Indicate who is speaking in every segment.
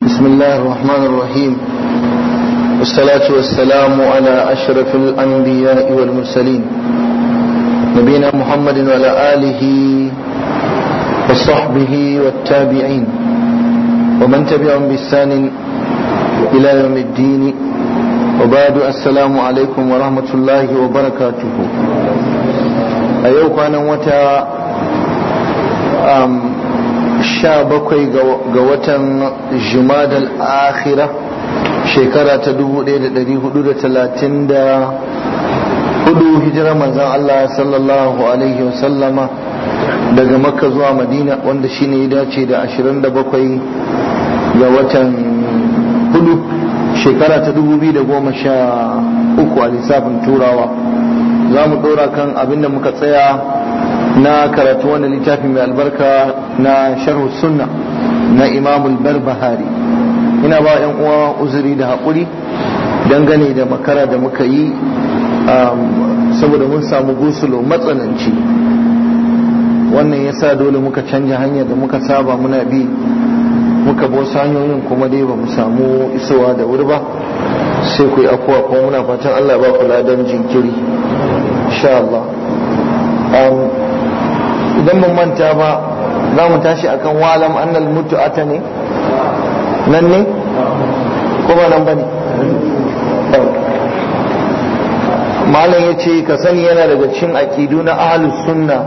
Speaker 1: بسم الله الرحمن الرحيم والصلاة والسلام على أشرف الأنبياء والمرسلين نبينا محمد وعلى آله وصحبه والتابعين ومن تبعهم بإحسان إلى يوم الدين وبعد السلام عليكم ورحمة الله وبركاته أيوك أنا متى sha bakwai ga watan jumadal akhira shekara ta 1434 hijira manzan Allah sallallahu alaihi wasallama daga makka zuwa madina wanda shine ya dace da 27 ga watan hudu shekara ta 2013 a lissafin turawa za mu ɗora kan abinda muka tsaya na karatu wannan littafi mai albarka na sharhu sunna na imamul barbahari ina ba yan uwa uzuri da haƙuri dangane da makara da muka yi um, saboda mun samu gusulo matsananci wannan yasa dole muka canja hanyar da muka saba muna bi muka bosa hanyoyin kuma dai ba mu samu isowa da wuri ba sai ku yi afuwa kuma muna fatan Allah ba ku ladan jinkiri insha Allah um, idan ban manta ba za mu tashi akan walam annal mutu'ata ne nan ne ko ba nan malam ya ce ka sani yana daga cin aƙidu na ahlus sunna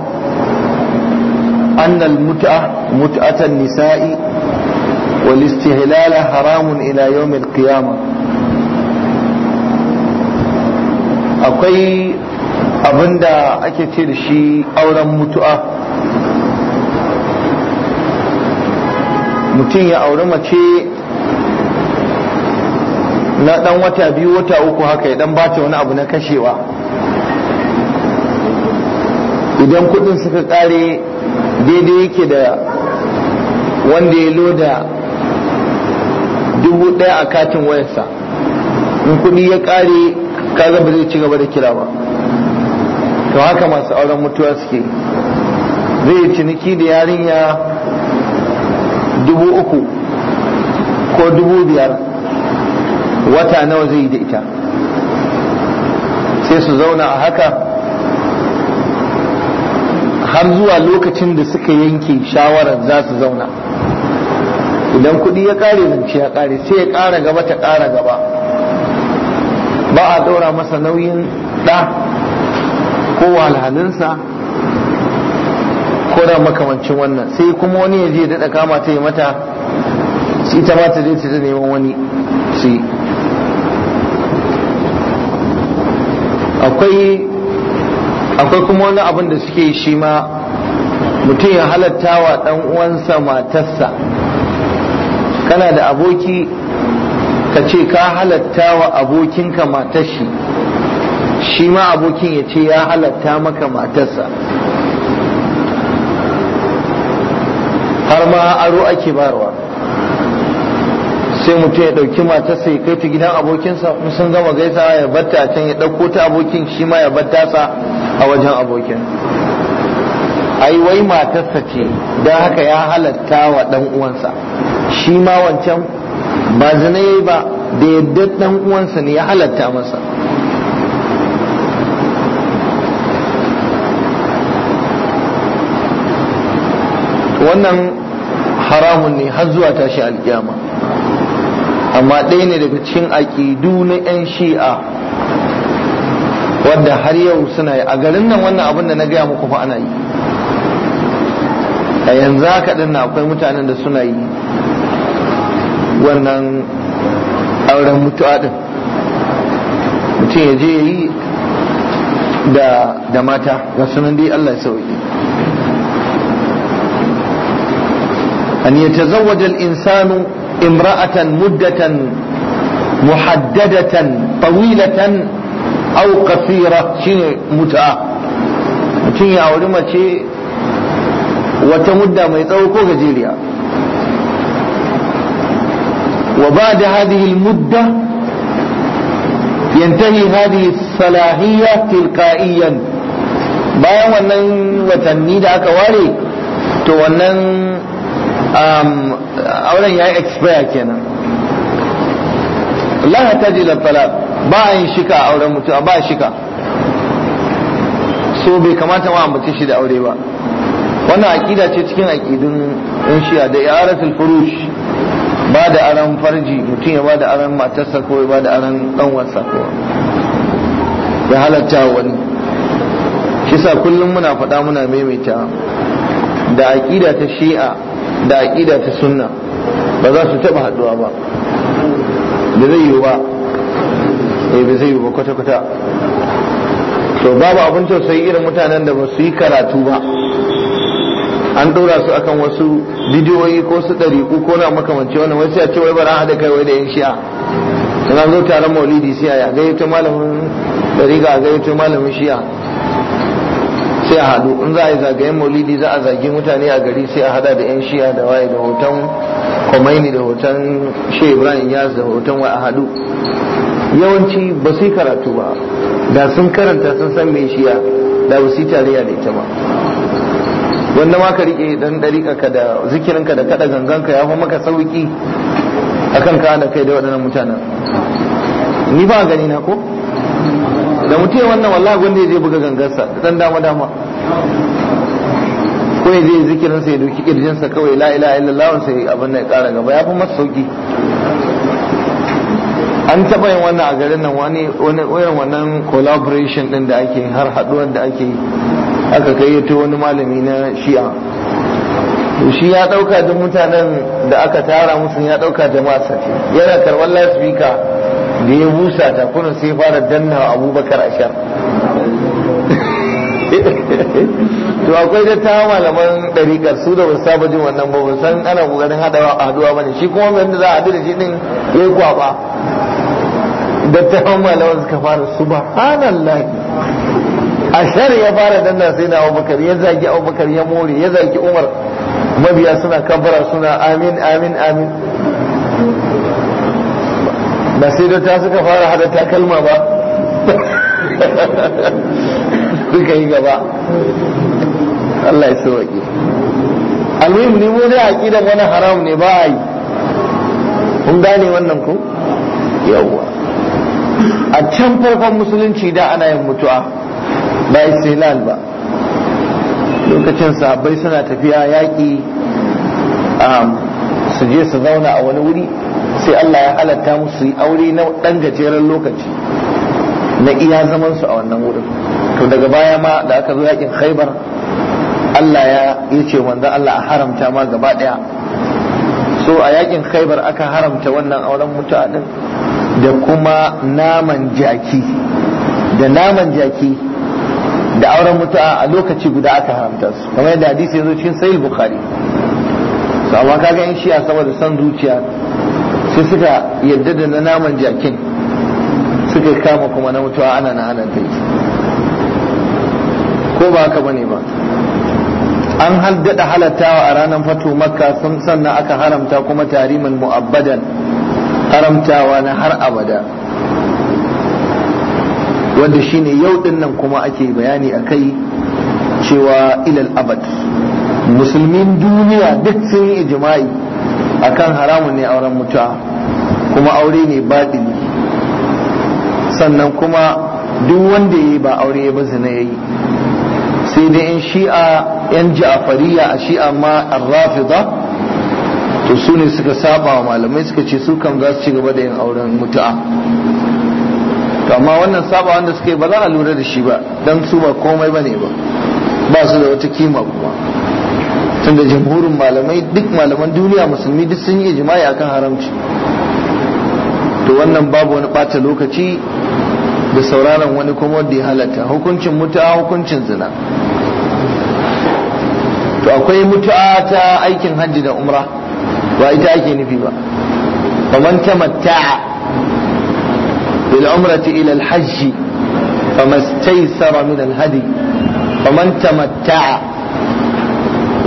Speaker 1: annal mut'a mut'atan nisa'i wal istihlala haramun ila yawmil qiyama akwai abinda ake ce da shi auren mutu'a mutum ya auri mace na dan wata biyu wata uku haka ya dan bata wani abu na kashewa idan kudin suka kare daidai yake da wanda ya loda dubu daya a katin wayarsa in kudi ya kare kaga ba zai ci gaba da kira ba to haka masu auren mutuwa suke zai ciniki da yarinya dubu uku ko dubu biyar wata nawa zai yi da ita sai su zauna a haka har zuwa lokacin da suka yanke shawarar za su zauna idan kuɗi ya ƙare zance ya ƙare sai ya ƙara gaba ta ƙara gaba ba a ɗora masa nauyin ɗa ko walhalinsa wani makamancin wannan sai kuma wani ya je daɗa kama ta yi mata shi ta ma ta je ta neman wani su yi akwai kuma wani abin da suke shi ma mutum ya halatta wa ɗan uwansa matarsa kana da aboki ka ce ka halatta wa abokinka matashi shi ma abokin ya ce ya halatta maka matarsa har ma aro ake barwa sai mutum ya ɗauki matarsa ya kai ta gidan abokinsa sun gama gaisawa ya batta a can ya ɗauko ta abokin shi ma ya batta sa a wajen abokin ai wai matarsa ce don haka ya halatta wa ɗan uwansa shi ma wancan ba zina ba da yadda ɗan uwansa ne ya halatta masa wannan haramun ne har zuwa tashi alƙiyama amma ɗaya ne daga cikin aƙidu na 'yan shi'a wadda har yau suna yi a garin nan wannan abin da na gaya muku fa ana yi a yanzu haka ɗin na akwai mutanen da suna yi wannan auren mutuwa ɗin mutum ya je yi da mata ga sunan dai Allah ya sauki أن يتزوج الإنسان امرأة مدة محددة طويلة أو قصيرة شيء متعة شيء أولما شيء وتمدة ميتوكو غزيريا وبعد هذه المدة ينتهي هذه الصلاحية تلقائيا bayan wannan كوالي da Um, auren ya yi expire kenan la hataji la talab ba a yin shika a auren mutuwa ba shika so bai kamata ma ambace shi da aure ba wannan aqida ce cikin aqidun in shiya da i'aratul furush ba da aran farji mutum ya ba da aran matarsa ko ya ba da aran dan wasa ko ya halatta wani shi sa kullum muna faɗa muna maimaita da aqida ta shi'a da aƙida ta sunna ba za su taɓa haɗuwa ba da zai yiwu ba e ba zai yiwu ba kwata-kwata to babu abin tausayi irin mutanen da ba su yi karatu ba an dora su akan wasu bidiyoyi ko su ɗari ko na makamanci wani wasu ya ce wai bara haɗa kai wai da yan shi'a in zo taron maulidi sai a gayyato malamin ɗariƙa a gayyato malamin shi'a sai a hadu in za a yi zagayen maulidi za a zagi mutane a gari sai a hada da yan shiya da waye da hoton komaini da hoton shi ibrahim yas da hoton wa a haɗu yawanci ba su karatu ba da sun karanta sun san mai shiya da ba su yi tarayya da ita ba wanda ma ka riƙe dan ɗariƙa da zikirinka da kaɗa ganganka ya fi maka sauƙi akan ka da kai da waɗannan mutanen ni ba gani na ko da mutum wannan wallahi gwanda ya je buga gangarsa da dan dama dama ko ya je zikirin sai ya doki kirjin sa kawai la ilaha illallah sai abin da ya kara gaba ya fi masa sauki an taba yin wannan a garin nan wani irin wannan collaboration din da ake har haduwar da ake aka kai kayyato wani malami na shi'a shi ya dauka duk mutanen da aka tara musu ya dauka jama'a sace yana karban lasbika da ya busa ta kuna sai fara danna abubakar ashar to akwai da ta malaman ɗarikar su da wasu sabajin wannan ba san ana ƙoƙarin haɗawa a haɗuwa ba ne shi kuma wanda za a haɗu da shi ɗin ya yi kwaɓa dattawan malaman suka fara subhanallah ashar ya fara danna sai na abubakar ya zagi abubakar ya more ya zagi umar mabiya suna kabbara suna amin amin amin ba sai da ta suka fara hada takalma ba duka yi gaba Allah ya sauwaƙe almuhim ni mu dai aƙida wani haram ne ba a yi kun gane wannan ku yawwa a can farkon musulunci da ana yin mutuwa ba istilal ba lokacin sabai suna tafiya yaƙi um, su je su zauna a wani wuri sai Allah ya halatta musu aure na dan gajeren lokaci na iya zaman su a wannan wurin to daga baya ma da aka zo yakin khaibar Allah ya yace manzo Allah a haramta ma gaba daya so a yakin khaibar aka haramta wannan auren mutu'a da kuma naman jaki da naman jaki da auren mutu'a a lokaci guda aka haramta su kamar yadda hadisi yanzu cikin sahih bukhari to amma kaga in shi a saboda san zuciya sai suka yadda da na naman jakin suka kama kuma na mutuwa ana na ana ta ko ba haka bane ba an haddada halattawa a ranar fato makka sun sannan aka haramta kuma tariman mu'abbadan haramtawa na har abada wanda shine yau din nan kuma ake bayani a kai cewa ilal abad musulmin duniya duk sun yi ijma'i akan haramun ne auren mutuwa kuma aure ne baɗili sannan kuma duk wanda ya yi ba aure ba bazi ya yi sai dai in shi'a yan ja'afariya a shi'a ma rafida to su ne suka saba wa malamai suka ce su kan za su ci gaba da yin auren mutu'a to amma wannan saba wanda suka yi ba za a lura da shi ba don su ba komai ba ne ba ba su da wata kima ba sanda jamhurin malamai duk malaman duniya musulmi duk sun yi jima'i akan haramci to wannan babu wani ɓata lokaci da sauraron wani kuma wanda ya halatta hukuncin mutuwa hukuncin zina to akwai mutuwa ta aikin hajji da umra ba ita ake nufi ba faman tamatta'a bil umrati ila al hajji min al hadi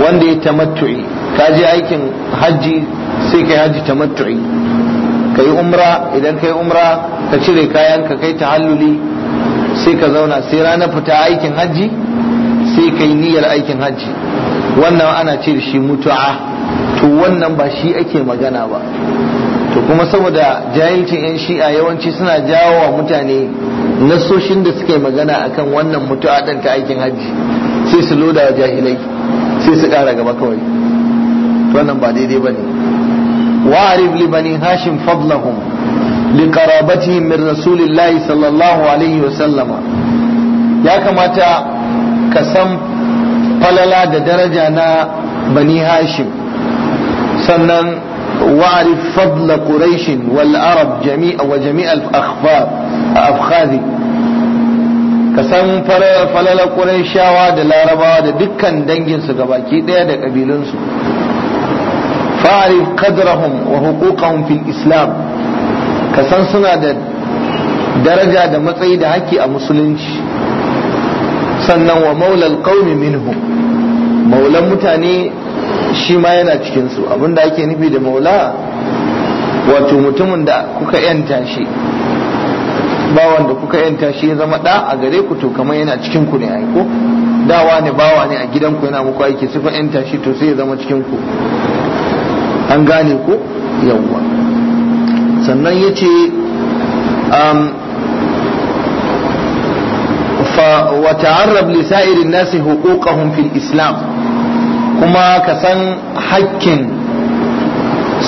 Speaker 1: wanda ya tamattu'i ka je aikin hajji sai kai hajji tamattu'i ka umra idan ka umra ka cire kayan ka kai tahalluli sai ka zauna sai ranar fita aikin hajji sai kai niyyar aikin hajji wannan ana ce da shi mutu'a to wannan ba shi ake magana ba to kuma saboda jahilcin 'yan shi'a yawanci suna jawo wa mutane nasoshin da suke magana akan wannan mutu'a ɗin ta aikin hajji sai su loda wa jahilai sai su ƙara gaba kawai wannan ba daidai ba ne wa'arif li bani hashim fadlahum li qarabatihim min rasulillahi sallallahu alaihi wa sallama ya kamata ka san falala da daraja na bani hashim sannan wa'arif fadla quraish wal arab jami'a wa jami'a al-akhfar ka san falala shawa da larabawa da dukkan danginsu baki ɗaya da ƙabilunsu fa'arif qadrahum wa huquqahum fil islam ka san suna da daraja da matsayi da haƙƙi a musulunci sannan wa maulal qaumi minhum maulan mutane shi ma yana cikinsu abinda ake nufi da maula wato mutumin da kuka yanta shi bawan da kuka yanta shi ya zama da a gare ku to kamar yana cikin ku ne aiko dawa ne bawa ne a gidan ku yana muku aiki sai ku yanta shi to sai ya zama cikin ku an gane ku yawwa sannan ya ce وتعرب um, nasi huquqahum fil islam kuma ka san hakkin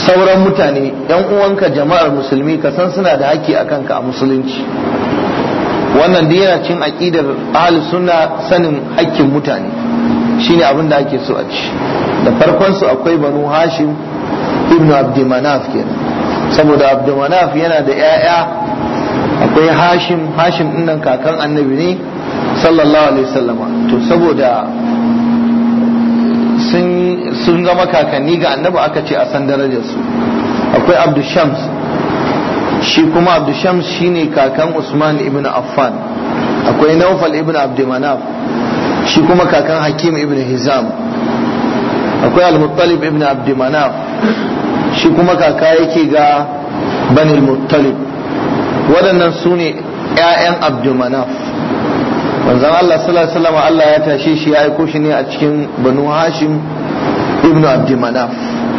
Speaker 1: sauran mutane yan uwanka jama'ar musulmi ka san suna da haƙƙi a kanka a musulunci wannan da yana cin aƙidar ahlus suna sanin haƙƙin mutane shine abin da ake so a ci da farkon akwai banu hashim ibnu abdumanaf kenan saboda abdumanaf yana da 'ya'ya akwai hashim hashim ɗinnan kakan annabi ne sallallahu alaihi wasallama to saboda sun zama kakanni ga annabi aka ce a san darajarsu akwai abdu shams shi kuma abdu shams shine kakan usman ibn affan akwai naufal ibn abdumanaf shi kuma kakan hakim ibn hizam akwai al-muttalib ibn abdumanaf shi kuma kaka yake ga banil muttalib waɗannan su ne 'ya'yan abdumanaf manzan Allah sallallahu alaihi wasallam Allah ya tashe shi ya aiko shi ne a cikin banu hashim ibnu abd manaf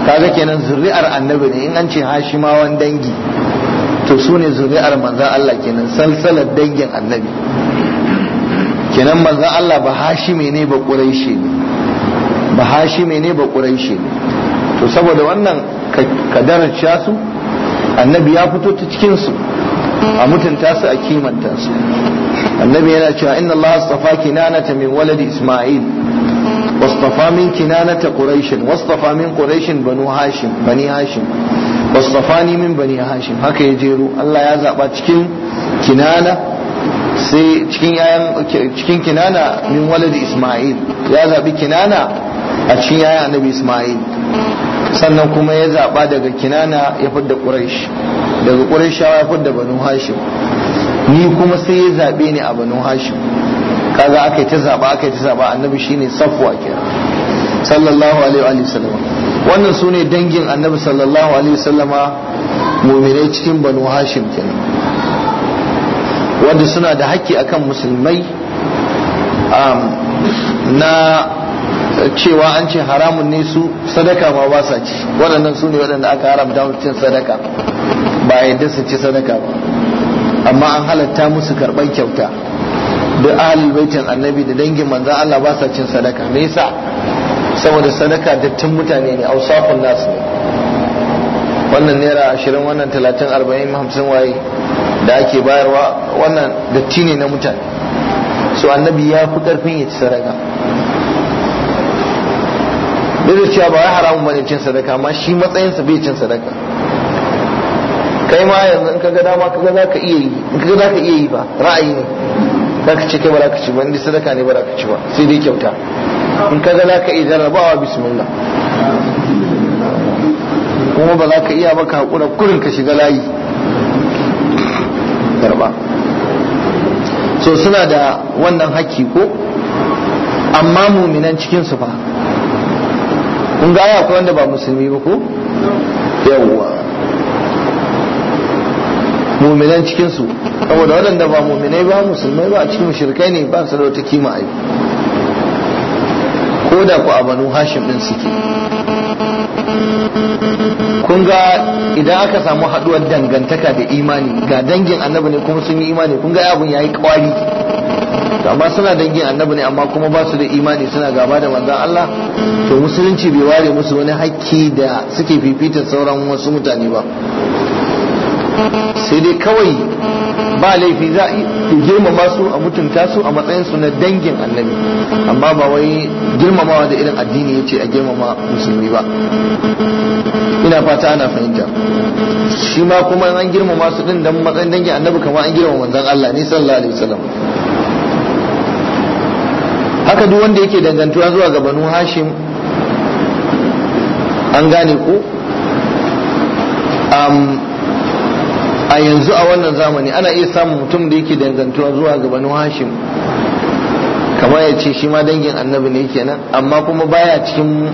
Speaker 1: kaga kenan zuri'ar annabi ne in an ce hashimawan dangi to su ne zuri'ar manzan Allah kenan salsalar dangin annabi kenan manzan Allah ba hashime ne ba quraishi ne ba hashime ne ba quraishi ne to saboda wannan ka daraja su annabi ya fito ta cikin su a mutunta su a kimanta su annabi yana cewa inna allaha astafa kinanata min waladi isma'il kinanata quraish wastafa min quraish banu hashim bani Hashim? wastafani min bani hashim haka ya jero allah ya zaba cikin kinana sai cikin yayan cikin kinana min waladi Ismail ya zabi kinana a cikin yayan annabi Ismail sannan kuma ya zaba daga kinana ya fadda quraish daga ƙurashawa ya fudda banu hashim ni kuma sai ya zaɓe ni a banu hashim kaga aka yi ta zaɓa aka yi ta zaɓa annabi shi ne safuwa ke sallallahu alaihi wa sallama wannan su ne dangin annabi sallallahu alaihi wa sallama muminai cikin banu hashim ke wanda suna da haƙƙi akan musulmai na cewa an ce haramun ne su sadaka ma ba sa ci waɗannan su ne waɗanda aka haramta mutum sadaka ba a yadda su ci sadaka ba amma an halatta musu karɓar kyauta da ahalul baitin annabi da dangin manzan Allah ba sa cin sadaka me yasa saboda sadaka dattin mutane ne ausafun nasu ne wannan naira ashirin wannan talatin arba'in hamsin waye da ake bayarwa wannan datti ne na mutane so annabi ya fi karfin ya ci sadaka duk da cewa ba ya haramun bane cin sadaka amma shi matsayinsa bai cin sadaka kai ma yanzu in ka ga dama kaga ga zaka iya yi in kaga ga zaka iya yi ba ra'ayi ne za ka ce kai ba za ka ci ba in sadaka ne ba za ka ci ba sai dai kyauta in kaga za ka iya jarrabawa bismillah kuma ba za ka iya maka hakura kurin ka shiga layi karba so suna da wannan haƙƙi ko amma muminan cikin su fa kun ga akwai wanda ba musulmi ba ko yawwa muminan cikinsu saboda waɗanda ba muminai ba musulmai ba a cikin mushrikai ne ba su da wata kima ai ko da ku a banu hashim din suke kun ga idan aka samu haɗuwar dangantaka da imani ga dangin annabi ne kuma sun yi imani kun ga abin yayi kwari amma suna dangin annabi ne amma kuma ba su da imani suna gaba da manzon Allah to musulunci bai ware musu wani hakki da suke fifita sauran wasu mutane ba sai dai kawai ba laifi za a girmama su a mutunta su a matsayin su na dangin annabi amma ba wai girmamawa da irin addini ya ce a girmama musulmi ba ina fata ana fahimta shi ma kuma an girmama su din dan matsayin dangin annabi kamar an girmama manzon Allah ne sallallahu alaihi wasallam haka duk wanda yake dangantuwa zuwa ga banu hashim an gane ko um, a yanzu a wannan zamani ana iya samun mutum da yake dangantuwa zuwa ga banu hashim kamar ya ce shi ma dangin annabi ne kenan amma kuma baya cikin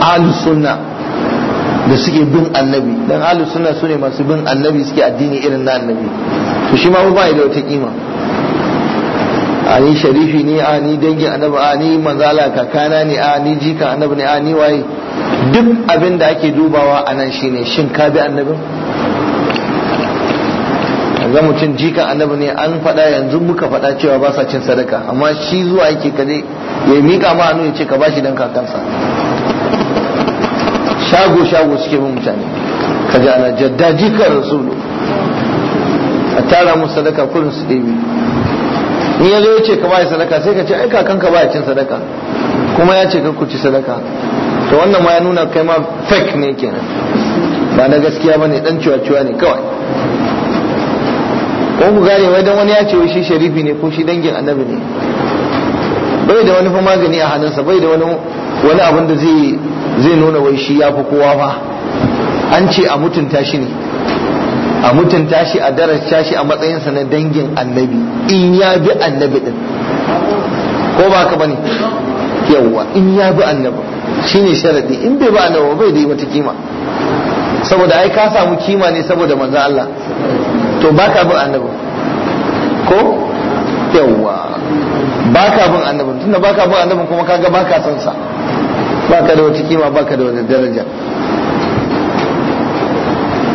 Speaker 1: ahlus da suke bin annabi dan ahlus su ne masu bin annabi suke addini irin na annabi to shi ma ba da wata kima a ni sharifi ne a ni dangin annabi a ni manzala kakana ne a ni jika annabi ne a ni waye duk abin da ake dubawa a nan shine shin ka bi annabin ga mutum jikan annabi ne an faɗa yanzu muka faɗa cewa ba sa cin sadaka amma shi zuwa yake kaje ya miƙa ma hannu ya ce ka bashi dan kakansa shago shago suke bin mutane kaje ana jadda jikan rasulu a tara musu sadaka kurin su ɗebi in ya zo ya ce ka bashi sadaka sai ka ce ai kakanka ba ya cin sadaka kuma ya ce ku ci sadaka to wannan ma ya nuna kai ma fake ne kenan ba na gaskiya bane dan ciwa-ciwa ne kawai ko ku gane wai dan wani ya ce shi sharifi ne ko shi dangin annabi ne bai da wani magani a hannunsa bai da wani wani abin da zai zai nuna wai shi ya fi kowa fa an ce a mutunta shi ne a mutunta shi a daraja shi a matsayinsa na dangin annabi in ya bi annabi din ko ba ka bane yawwa in ya bi annabi shine sharadi in bai ba annabi bai da yi wata kima saboda ai ka samu kima ne saboda manzo Allah to baka bin annabi ko yawwa baka bin annabi tunda baka bin annabi kuma kaga baka san sa baka da wata kima baka da wata daraja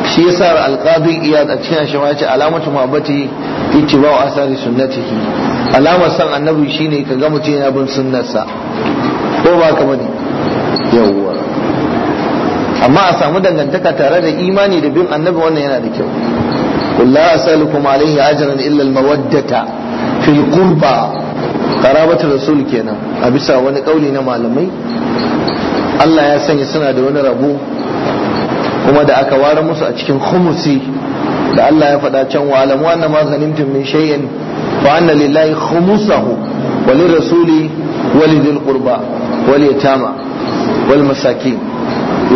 Speaker 1: shi yasa alqadi iya a cikin shi ma yi alamatu mahabbati ittiba'u asari sunnatihi alamar san annabi shine kaga mutum yana bin sunnarsa ko ba ka bane yawwa amma a samu dangantaka tare da imani da bin annabi wannan yana da kyau قل لا أسألكم عليه أجرا إلا المودة في القربى قرابة الرسول كينا أبسا وانا قولينا معلمي الله يا سنة سنة دون ربو وما دا أكوار موسى أتشكين خمسي da Allah ya faɗa can wa alamu anna ma ghanimtum min shay'in fa anna lillahi khumsahu wa lirrasuli wa lidhil qurba wal yatama wal masakin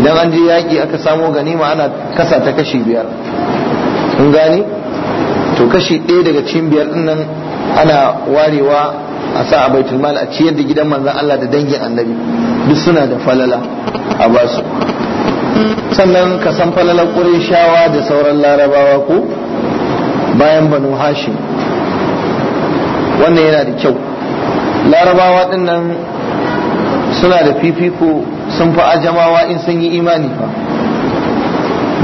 Speaker 1: idan an je yaki aka samo ganima ana kasa ta kashi biyar kun gane to kashi ɗaya daga cikin biyar nan ana warewa a sa a baitul mal a ciyar da gidan manzon Allah da dangin annabi duk suna da falala a basu sannan ka san falalar shawa da sauran larabawa ko bayan banu hashim wannan yana da kyau larabawa ɗin nan suna da fifiko sun fi ajamawa in sun yi imani fa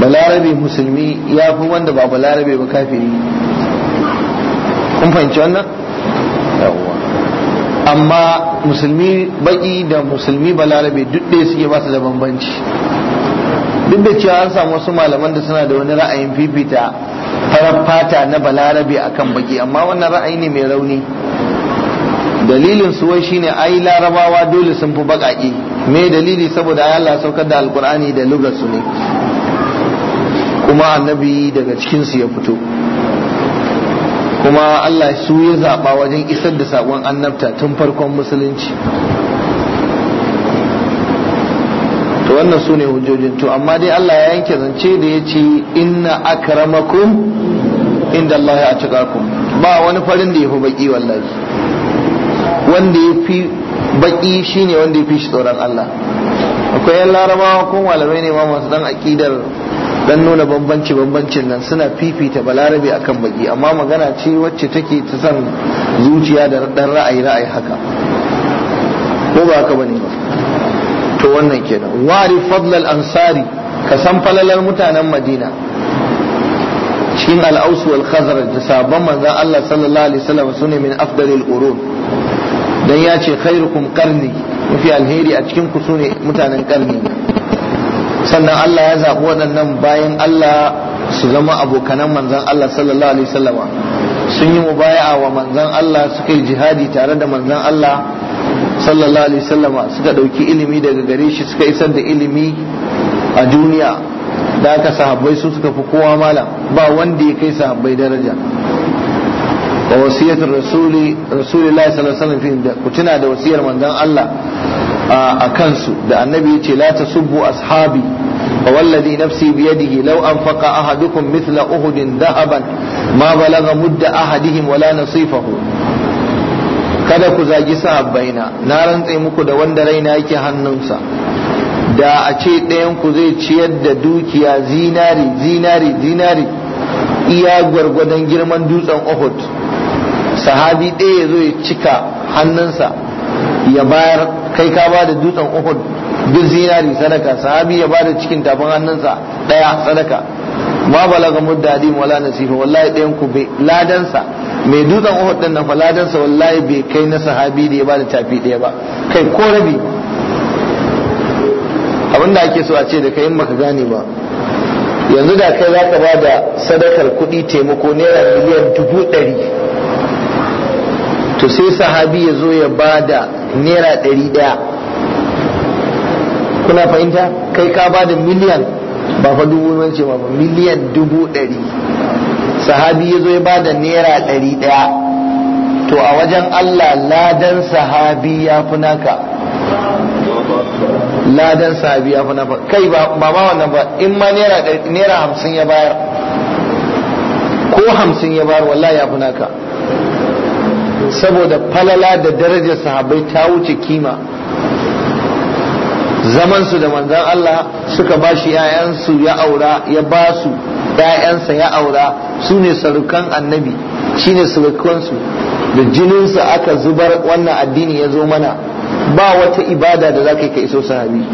Speaker 1: balarabe musulmi ya fi wanda ba balarabe ba kafiri kun fahimci wannan amma musulmi baki da musulmi balarabe duk da suke ba su da banbanci. duk da cewa an samu wasu malaman da suna da wani ra'ayin fifita farar fata na balarabe akan baki amma wannan ra'ayi ne mai rauni dalilin suwai shine ayi larabawa dole sun fi baƙaƙe me dalili saboda ayyala saukar da alkur'ani da lugar su ne kuma annabi daga cikinsu ya fito kuma Allah su ya zaɓa wajen isar da saƙon annabta tun farkon musulunci to wannan su ne hujjojin to amma dai Allah ya yanke zance da ya ce inna akramakum inda Allah ya ku ba wani farin da ya fi baki wallahi wanda ya baki shine wanda ya fi shi tsoron Allah akwai yan larabawa ko malamai ne ma masu dan akidar dan nuna bambanci bambancin nan suna fifita balarabe akan baki amma magana ce wacce take ta san zuciya da dan ra'ayi ra'ayi haka ko ba haka bane to wannan kenan wari fadlal ansari ka san falalar mutanen madina cikin alausu aus wal khazraj da sabon manzon Allah sallallahu alaihi wasallam sune min afdalil qurun dan yace ce khairukum qarni mafi alheri a cikin ku sune mutanen karni sannan Allah ya zaɓi waɗannan bayan Allah su zama abokanan manzan Allah sallallahu alaihi wasallama sun yi mubaya'a wa manzan Allah suka yi jihadi tare da manzan Allah sallallahu alaihi wasallama suka ɗauki ilimi daga gare shi suka isar da ilimi a duniya da aka sahabbai su suka fi kowa malam ba wanda ya kai sahabbai daraja wa wasiyatul sallallahu alaihi wasallam ku tuna da wasiyar manzan Allah a kansu da annabi yace la subu ashabi wa wallazi nafsi biyadihi law anfaqa ahadukum mithla uhudin dahaban ma balaga mudda ahadihim wala nasifahu kada ku zagi sahabbaina na rantse muku da wanda raina yake hannunsa da a ce ɗayan ku zai ciyar da dukiya zinari zinari zinari iya gwargwadon girman dutsen Uhud sahabi ɗaya ya zo ya cika hannunsa ya bayar kai ka ba da dutsen uhud duk zinari sadaka sahabi ya ba da cikin tafin hannunsa daya sadaka ma balaga muddadim wala nasifa wallahi dayan ku bai ladansa mai dutsen uhud din nan fa ladansa wallahi bai kai na sahabi da ya ba da tafi daya ba kai ko rabi abin da ake so a ce da kai in maka gane ba yanzu da kai za ka ba da sadakar kuɗi taimako naira miliyan dubu ɗari to sai sahabi ya zo ya ba da naira ɗari ɗaya kuna fahimta kai ka ba da miliyan ba fa dubu ce ba miliyan dubu ɗari sahabi ya zo ya ba da naira ɗari ɗaya to a wajen Allah ladan sahabi ya fi naka ladan sahabi ya fi naka kai ba ma wannan ba in ma naira hamsin ya bayar ko hamsin ya bayar wallahi ya fi naka saboda falala da darajar sahabai ta wuce kima zamansu da manzan Allah suka bashi shi ‘ya'yansu ya aura ya ba su ‘ya'yansa ya aura su ne sarukan annabi shi ne surukansu da jininsu aka zubar wannan addini ya zo mana ba wata ibada da zaka ka yi ka iso sahabi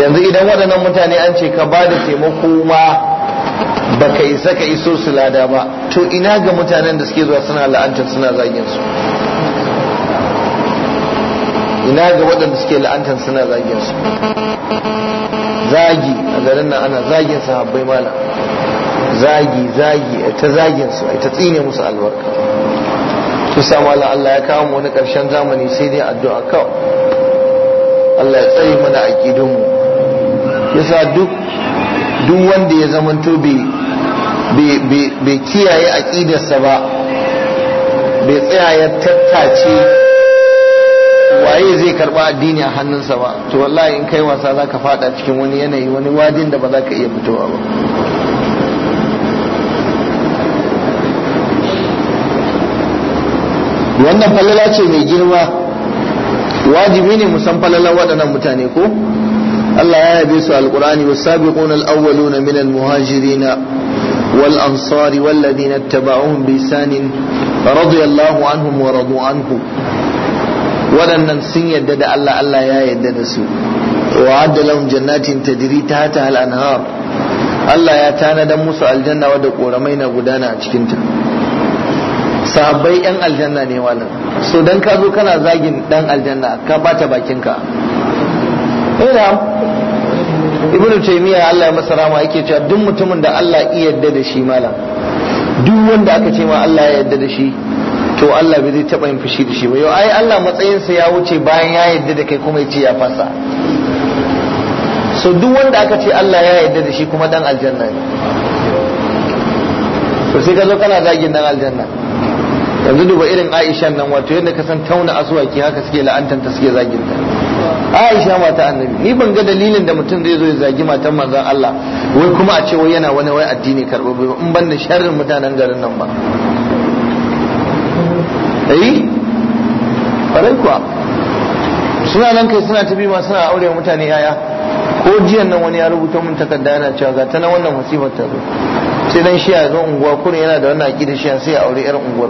Speaker 1: yanzu idan waɗannan mutane an ce ka ba da taimako ma ba ka isa ka iso su lada ba to ina ga mutanen da suke zuwa suna la'antar suna zagin su ina ga waɗanda suke la'antar suna zagin su zagi a garin nan ana zagin su Habbai mala zagi zagi ta zagin su ta tsine musu albarka to samu Allah ya kawo wani ƙarshen zamani sai dai addu'a kawai Allah ya tsare mana aƙidunmu yasa duk duk wanda ya zamanto bai kiyaye aƙidarsa ba bai tsayayar tattace waye zai karba addini a hannunsa ba to wallahi in kai wasa zaka ka fada cikin wani yanayi wani wadin da ba za ka iya fitowa ba wannan falala ce mai girma wajibi ne mu san falalan waɗannan mutane ko Allah ya yabe su alqur'ani wasabiquna alawwaluna min almuhajirin wal ansari walladhina ittaba'uhum bi sanin radiyallahu anhum wa radu anhu waɗannan sun yadda da Allah Allah ya yadda da su wa adda lahum jannatin tajri tahtaha al-anhar Allah ya tanadan musu aljanna wadda koramai na gudana a cikin ta sahabbai yan aljanna ne wannan so dan ka zo kana zagin dan aljanna ka bata bakinka ina eh, ibn taymiya Allah ya masa rama yake cewa duk mutumin da Allah iya yarda da shi malam duk wanda aka ce ma Allah ya yarda da shi to Allah bai zai taba yin fushi da shi ba yau ai Allah matsayinsa ya wuce bayan ya yarda da kai kuma ya ce ya fasa so duk wanda aka ce Allah ya yarda da shi kuma dan aljanna ne to sai ka zo kana zagin dan aljanna yanzu duba irin Aisha nan wato yadda ka san tauna asuwaki haka suke la'antanta suke zagin ta Aisha mata annabi ni ban ga dalilin da mutum zai zo ya zagi matan manzon Allah wai kuma a ce wai yana wani wai addini karɓaɓɓe ba in ban da sharrin mutanen garin nan ba eh farai kuwa suna nan kai suna tabi ma suna aure mutane yaya ko jiyan nan wani ya rubuta mun takarda yana cewa ga ta nan wannan musibar ta zo sai dan shi ya zo unguwa kurin yana da wannan aqida shi sai ya aure yar unguwar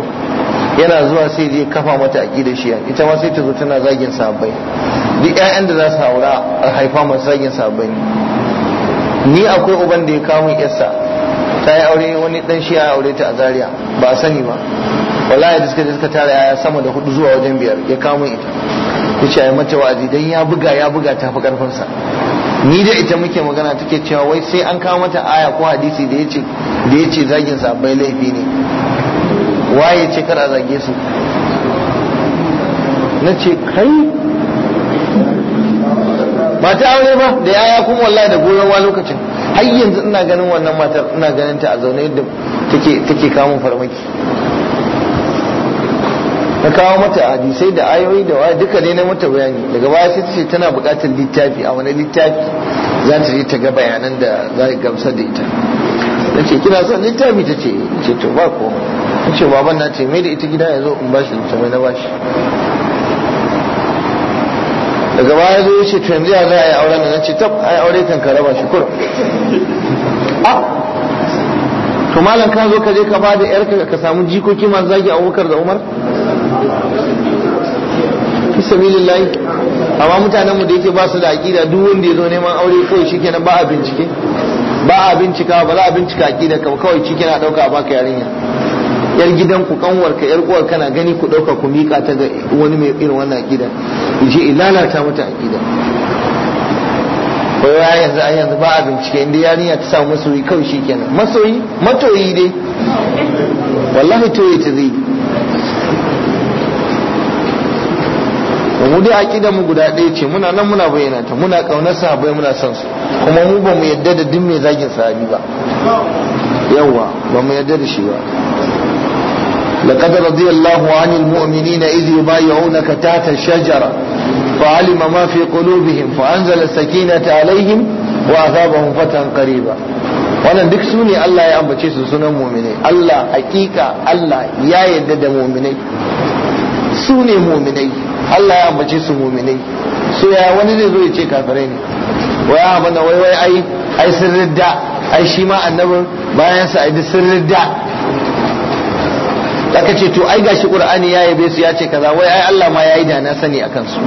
Speaker 1: yana zuwa sai zai kafa mata aqidar shi ita ma sai ta zo tana zagin sahabbai duk ƴaƴan da za su haura a haifa masu zagin sahabbai ni akwai uban da ya kawo yarsa ta yi aure wani dan shi ya aure ta a zaria ba a sani ba wallahi da suka je suka tara yaya sama da hudu zuwa wajen biyar ya kawo ita ya ce mata wa'azi dan ya buga ya buga ta fi karfin ni da ita muke magana take cewa wai sai an kawo mata aya ko hadisi da yace da zagin sahabbai laifi ne waye ce kar a zage su na ce kai ba ta aure ba da yaya kuma wallahi da goyon lokacin har yanzu ina ganin wannan matar ina ganin ta a zaune yadda take take kamun farmaki na kawo mata hadisai da ayoyi da waya duka ne na mata bayani daga baya sai ce tana buƙatar littafi a wani littafi za ta je ta ga bayanan da za ta gamsar da ita nace kina son littafi ta ce eh. ce to ba komai ce baban na ce mai da ita gida ya zo in bashi ta mai na bashi daga baya zo ya ce to ya za a yi auren da na ce tab a yi aure kan ka raba shi a ah, to malam ka zo ka je ka bada yar ka samu jikoki masu zagi wukar da umar fi sabilillahi amma mutanenmu da yake ba su da aƙida duk wanda ya zo neman aure kawai shi kenan ba a bincike ba a bincika ba za a bincika aƙida ka kawai shi kenan a ɗauka a baka yarinya yar gidan ku kanwar ka yar uwar kana gani ku dauka ku mika ta ga wani mai irin wannan akida yace eh, lalata mata akida ko ya yanzu a yanzu ba a bincike inda yarinya ta samu masoyi kawai shikenan masoyi matoyi dai wallahi toye ta zai mu dai aqidar mu guda ɗaya ce muna nan muna bayyana ta muna kaunar sahabbai muna son su kuma mu ba mu yadda da duk mai zagin sahabi ba yawa ba mu yadda da shi ba لقد رضي الله عن المؤمنين إذ يبايعونك تحت الشجرة فعلم ما في قلوبهم فأنزل السكينة عليهم وأثابهم فتحا قريبا wannan duk su ne Allah ya ambace su sunan muminai Allah hakika Allah ya yarda da muminai su ne muminai Allah ya ambace su muminai Su ya wani zai zo ya ce kafirai ne wai a bana wai wai ai ai sun ridda ai shi ma annabin bayan sa ai sun ridda da ce to ai gashi qur'ani ya yabe su ya ce kaza wai ai Allah ma yayi da na sani akan su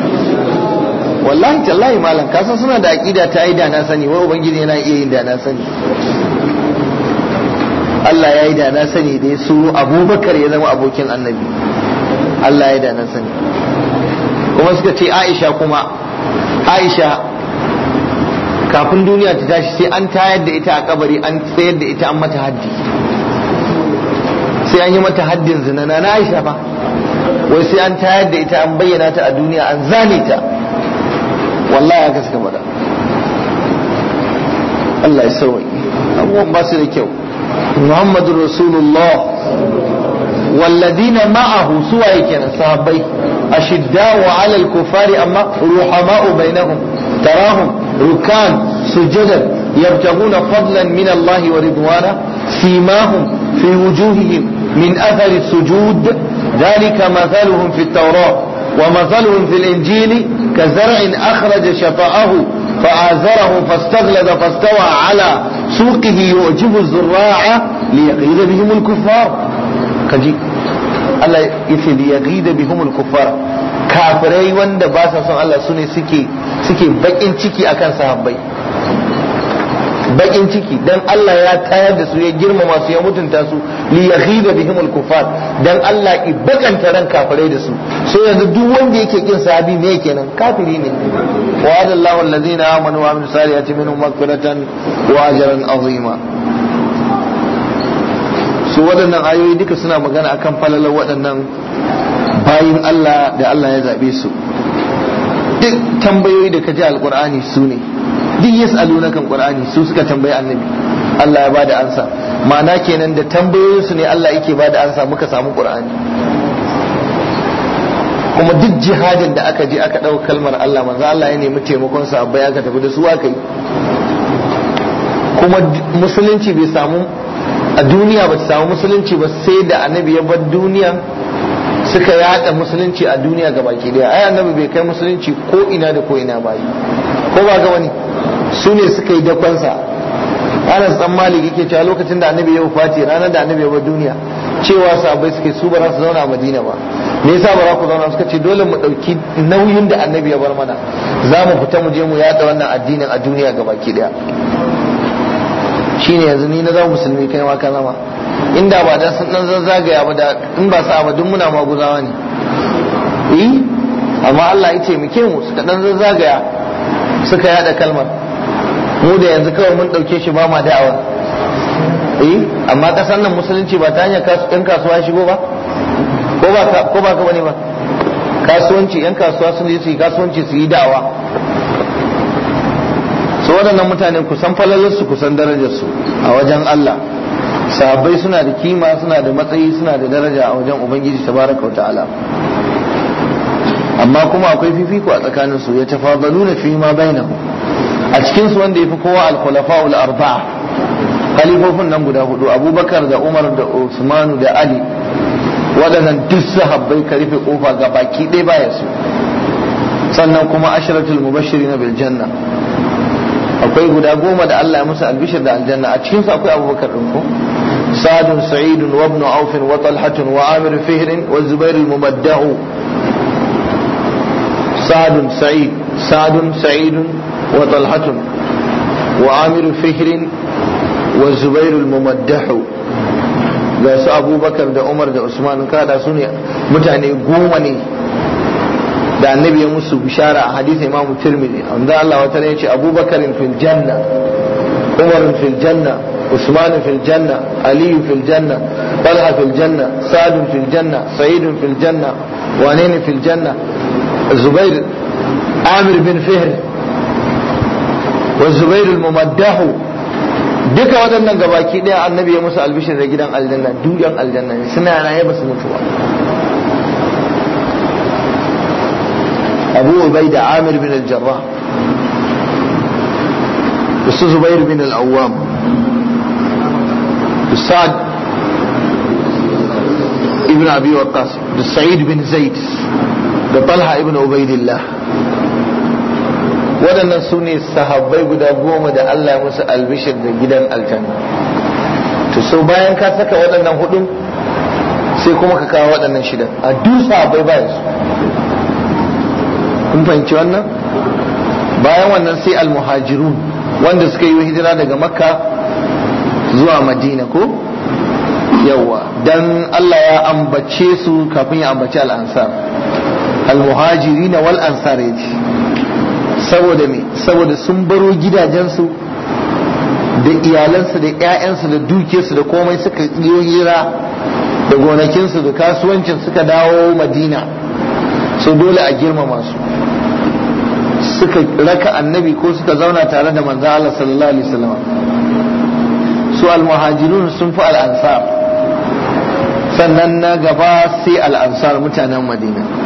Speaker 1: wallahi tallahi malam kasan suna da aqida ta yi da na sani wai ubangiji yana iya yin da na sani Allah ya yi da na sani dai su abubakar ya zama abokin annabi Allah ya yi da na sani kuma suka ce Aisha kuma Aisha kafin duniya ta tashi sai an tayar da ita a kabari an tsayar da ita an mata haddi sai an yi mata hadin zinana na aisha ba wai sai an tayar da ita an bayyana ta a duniya an zane ta wallahi aka suka mada Allah ya sauwa abubuwan ba su da kyau muhammadu rasulullah walladina ma'ahu suwa yake na sahabbai a shidda wa alal kufari amma ruhama'u bainahum tarahum rukan sujadar yabtaguna fadlan min Allah wa ridwana sima mahum fi wujuhihim من أثر السجود ذلك مثلهم في التوراة ومثلهم في الإنجيل كزرع أخرج شفاءه فآزره فاستغلد فاستوى على سوقه يعجب الزراع ليغيظ بهم الكفار كجي Allah ya ce بهم الكفار كافري bihumul kuffar kafirai wanda ba سكي son Allah su ne bakin ciki dan Allah ya tayar da su ya girmama su ya mutunta su li yaghida bihim al-kuffar dan Allah ki bakanta ran kafirai da su so yanzu duk wanda yake kin sahabi me kenan kafiri ne wa adallahu allazina amanu wa amilus salihati minhum maghfiratan wa ajran azima su waɗannan ayoyi duka suna magana akan falalar waɗannan bayin Allah da Allah ya zabe su duk tambayoyi da ka ji alqur'ani su ne duk na kan ƙwar'ani su suka tambayi annabi Allah ya bada ansa ma'ana kenan da tambayoyin su ne Allah yake bada ansa muka samu ƙwar'ani kuma duk jihadin da aka je aka ɗau kalmar Allah manzo Allah ya nemi taimakon sahabbai aka tafi da su aka yi kuma musulunci bai samu a duniya ba samu musulunci ba sai da annabi ya bar duniya suka yada musulunci a duniya ga baki daya ai annabi bai kai musulunci ko ina da ko ina ba ko ba ga wani su ne suka yi dakonsa ana san malik yake cewa lokacin da annabi ya wufati ranar da annabi ya bar duniya cewa sahabbai suke su ba za su zauna a madina ba me yasa ba za ku zauna suka ce dole mu dauki nauyin da annabi ya bar mana za mu fita mu je mu yada wannan addinin a duniya gaba ki daya shine yanzu ni na zama musulmi kai ma ka zama inda ba da sun dan zagaya ba da in ba sa ba duk muna maguzawa ne eh amma Allah ya ke mu suka dan zagaya suka yada kalmar mu da yanzu kawai mun ɗauke shi ba ma da'awa eh amma kasan nan musulunci ba ta hanyar ƴan kasuwa shigo ba ko ba ka bane ba kasuwanci ƴan kasuwa sun yi su yi kasuwanci su yi da'awa su waɗannan mutane kusan falalarsu kusan darajarsu a wajen Allah sahabbai suna da kima suna da matsayi suna da daraja a wajen ubangiji tabaraka wa ta'ala amma kuma akwai fifiko a tsakaninsu ya tafadalu na fi ma bainahu a cikinsu wanda ya fi kowa al-khulafa'ul arba'a khalifofin nan guda hudu abubakar da umar da usmanu da ali waɗannan duk sahabbai ka rufe kofa ga baki ɗaya baya su sannan kuma ashratul mubashirin bil janna akwai guda goma da Allah ya musu albishir da aljanna a cikin su akwai abubakar din ko wa سعيد وابن عوف وطلحة وعامر فهر والزبير المبدع sadun said sadun saidun. وطلحة وعامر فهر والزبير الممدح بس أبو بكر ده عمر ده عثمان كذا سني متعني قومني ده النبي موسى بشارة حديث إمام الترمذي أن الله تعالى أبو بكر في الجنة عمر في الجنة عثمان في الجنة علي في الجنة طلحة في الجنة سعد في الجنة سعيد في الجنة وانين في الجنة الزبير عامر بن فهر wa zubairul mumaddahu duka waɗannan gabaki ɗaya annabi ya musu albishir da gidan aljanna duyan aljanna ne suna raye ba su mutu ba abu ubai da amir bin al-jarrah da su zubair bin al-awwam da sa'ad ibn abi waqqas da sa'id bin zaid da talha ibn ubaidillah waɗannan su ne sahabbai guda goma da Allah musu albishir da gidan aljanna to so bayan ka saka waɗannan hudu sai kuma ka kawo waɗannan shida a duk sahabbai bayan su kun fahimci wannan bayan wannan sai almuhajirun wanda suka yi hijira daga makka zuwa madina ko yawa dan Allah ya ambace su kafin ya ambaci al'ansar al muhajirin wal ansar yace saboda me saboda sun baro gidajensu da iyalansu da 'ya'yansu da dukiyarsu da komai suka yi hira da gonakinsu da kasuwancin suka dawo madina su dole a girmama su suka raka annabi ko suka zauna tare da manzan Allah sallallahu alaihi wasallam su almuhajirun sun fi al'ansar sannan na gaba sai al'ansar mutanen madina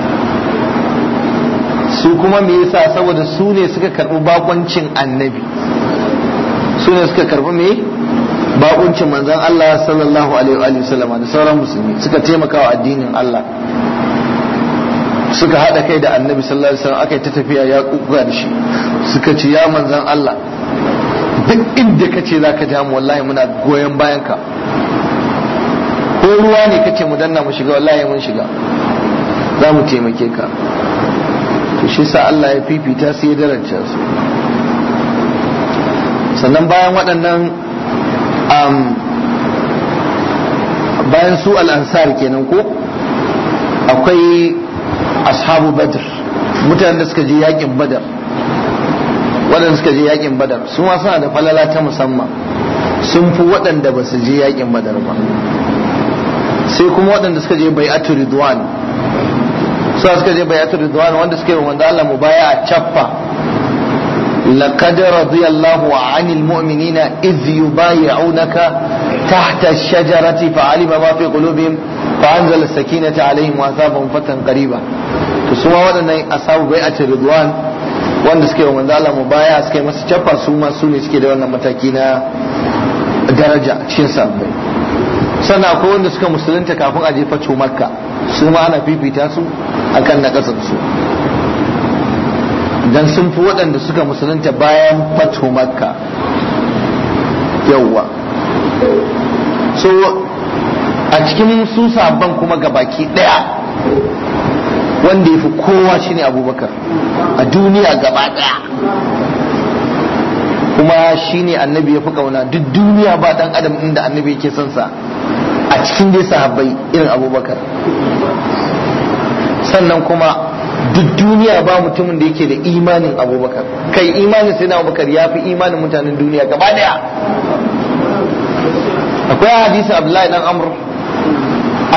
Speaker 1: su kuma me yasa saboda su ne suka karbi bakoncin annabi su ne suka karbi me bakuncin manzon Allah sallallahu alaihi wa sallam da sauran musulmi suka taimaka wa addinin Allah suka hada kai da annabi sallallahu alaihi wasallam aka yi ta tafiya ya kuka da shi suka ce ya manzon Allah duk inda ka ce za ka ja mu wallahi muna goyon bayan ka ko ruwa ne kace mu danna mu shiga wallahi mun shiga za mu taimake ka to shi sa Allah ya fifita su ya daraja su sannan bayan waɗannan um, bayan su al'ansar kenan ko akwai ashabu badr mutanen da suka je yakin badar waɗanda suka je yakin badar su ma suna da falala ta musamman sun fi waɗanda ba su je yakin badar ba sai kuma waɗanda suka je bai'atu ridwan su suka je bayatul ridwan wanda suke wa manzo Allah mubaya'a chaffa laqad radiyallahu 'anil mu'minina iz yubay'unaka tahta ash-shajarati fa'alima ma fi qulubihim fa'anzala as-sakinata 'alayhim wa asabahum fatan qariba to suma wadannan asabu bai'atul ridwan wanda suke wa manzo Allah mubaya'a suke masa chaffa su ma su ne suke da wannan mataki na daraja cikin sabbai sannan akwai wanda suka musulunta kafin a jefa makka su ma ana fifita su akan na ƙasar su don sun fi waɗanda suka musulunta bayan fatu makka yawwa so a cikin su sabon kuma ga baki ɗaya wanda ya fi kowa shine abubakar a duniya gaba ɗaya kuma shine annabi ya fi kauna duk duniya ba ɗan adam inda annabi yake son sa a cikin dai sahabbai irin abubakar sannan kuma duk duniya ba mutumin da yake da imanin abubakar kai imanin sai na abubakar ya fi imanin mutanen duniya gaba daya akwai hadisi abdullahi dan amr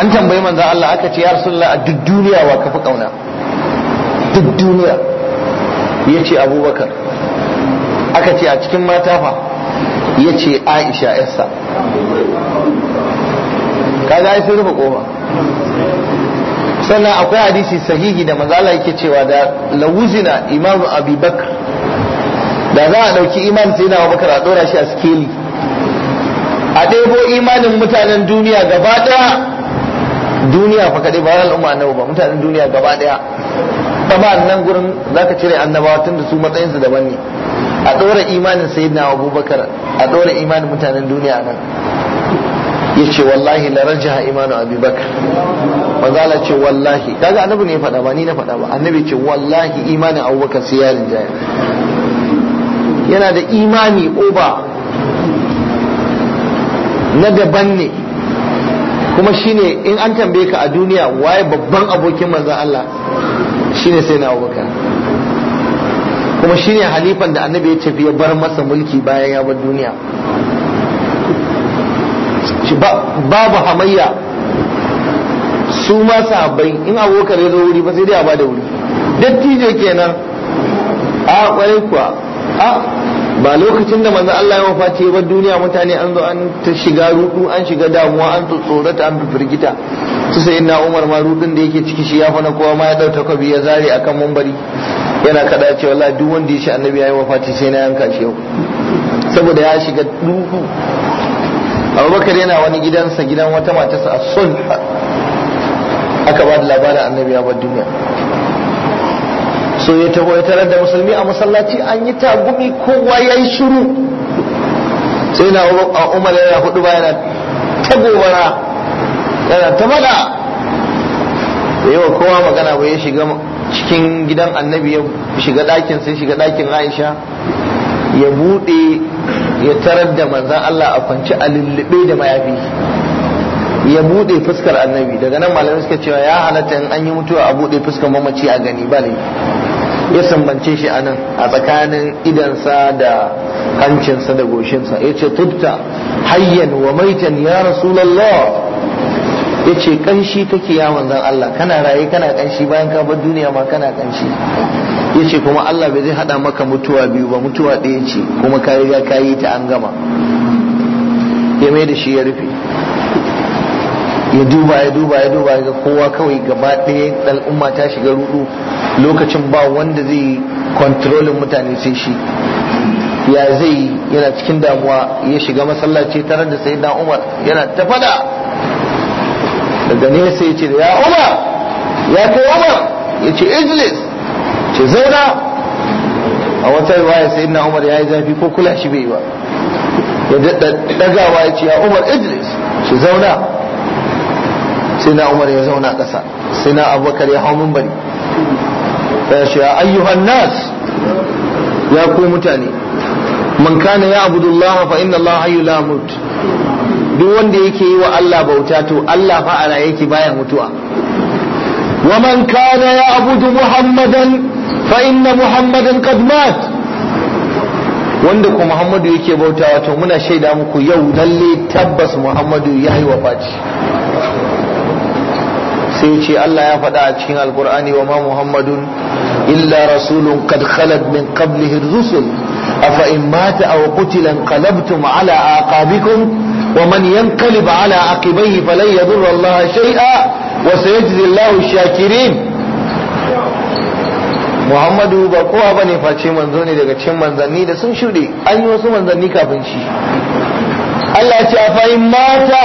Speaker 1: an tambayi manzo Allah aka ce ya rasulullah a duk duniya wa kafi kauna duk duniya ya ce abubakar aka ce a cikin mata fa ya ce aisha yasa. kaga ai sun rufe kofa sannan akwai hadisi sahihi da manzala yake cewa da lawuzina abi abubakar da za a dauki imanin sai na abubakar a dora shi a skeli a ɗebo imanin mutanen duniya gaba daya duniya fa kaɗai ba al'umma annabi ba mutanen duniya gaba ɗaya ba nan gurin zaka cire annabawa tunda su matsayin su daban ne a dora imanin sayyidina abubakar a dora imanin mutanen duniya nan yace wallahi laraja a imanu abubakar manzala ce wallahi kaga annabi ne ya faɗa ba ni na faɗa ba annabi ce wallahi imanin abubakar sai ya rinjaya yana da imani oba na daban ne kuma shine in an tambaye ka a duniya waye babban abokin manzan Allah shine sai na abubakar kuma shine halifan da annabi ya tafi ya bar masa mulki bayan ya bar duniya babu hamayya su ma bai in abokan ya zo wuri ba sai dai a bada wuri dattijo kenan a kwarai kuwa a ba lokacin da manzo Allah ya wafaci ba duniya mutane an zo an ta shiga rudu an shiga damuwa an tsorata an firgita su sai Umar ma rudun da yake ciki shi ya fa na kowa ma ya dau takobi ya zare akan mumbari yana kada cewa wallahi duk wanda ya shi annabi ya yi sai na yanka shi yau saboda ya shiga duhu abubakar yana wani gidansa gidan wata matarsa a sulh aka ba da labarin annabi ya bar duniya so ya taho ya tarar da musulmi a masallaci an yi tagumi kowa ya yi shiru sai na umar yana hudu ba yana ta gobara yana ta mada da yawa kowa magana ba ya shiga cikin gidan annabi ya shiga ɗakin sai shiga ɗakin aisha ya buɗe ya tarar da manzan Allah a kwanci a lullube da mayafi ya bude fuskar annabi daga nan malamai suka cewa ya halatta in an yi mutuwa a bude fuskar mamaci a gani ba ya sambance shi a nan a tsakanin idansa da hancinsa da goshinsa ya ce tubta hayyan wa maitan ya rasulallah ya ce kanshi kake ya manzan Allah kana raye kana kanshi bayan ka bar duniya ma kana kanshi yace kuma Allah bai zai hada maka mutuwa biyu ba mutuwa ɗaya ce kuma ka riga ka ta an gama ya mai da shi ya rufe ya duba ya duba ya duba ga kowa kawai gaba ɗaya al'umma ta shiga rudu lokacin ba wanda zai kontrolin mutane sai shi ya zai yana cikin damuwa ya shiga masallaci tare da sai umar yana ta fada daga nesa ya ce da ya umar ya kai umar ya ce ijlis ce zauna a wata riwaya sai na umar ya yi zafi ko kula shi bai ba ya dagawa ya ce ya umar idris shi zauna sai na umar ya zauna ƙasa sai na abubakar ya hau bari. ya ce ya ayyuhan nas ya ku mutane man kana ya abudullaha fa inna allaha hayyu la mut duk wanda yake yi wa Allah bauta to Allah fa ara yake bayan mutuwa wa man kana ya abudu muhammadan fa Muhammadu muhammadan wanda ku muhammadu yake bautawa to muna shaida muku yau lalle tabbas muhammadu ya yi wafaci sai ce Allah ya faɗa a cikin alkur'ani wa ma muhammadun illa rasulun kad khalat min qablihi rusul afa in mata aw qutila qalabtum ala aqabikum wa man yanqalib ala aqibaihi falan yadurra Allah shay'a wa sayajzi Allahu shakirin muhammadu ba kowa bane face manzo ne daga cikin manzanni da sun shuɗe an yi wasu manzanni kafin shi Allah ce a fahim mata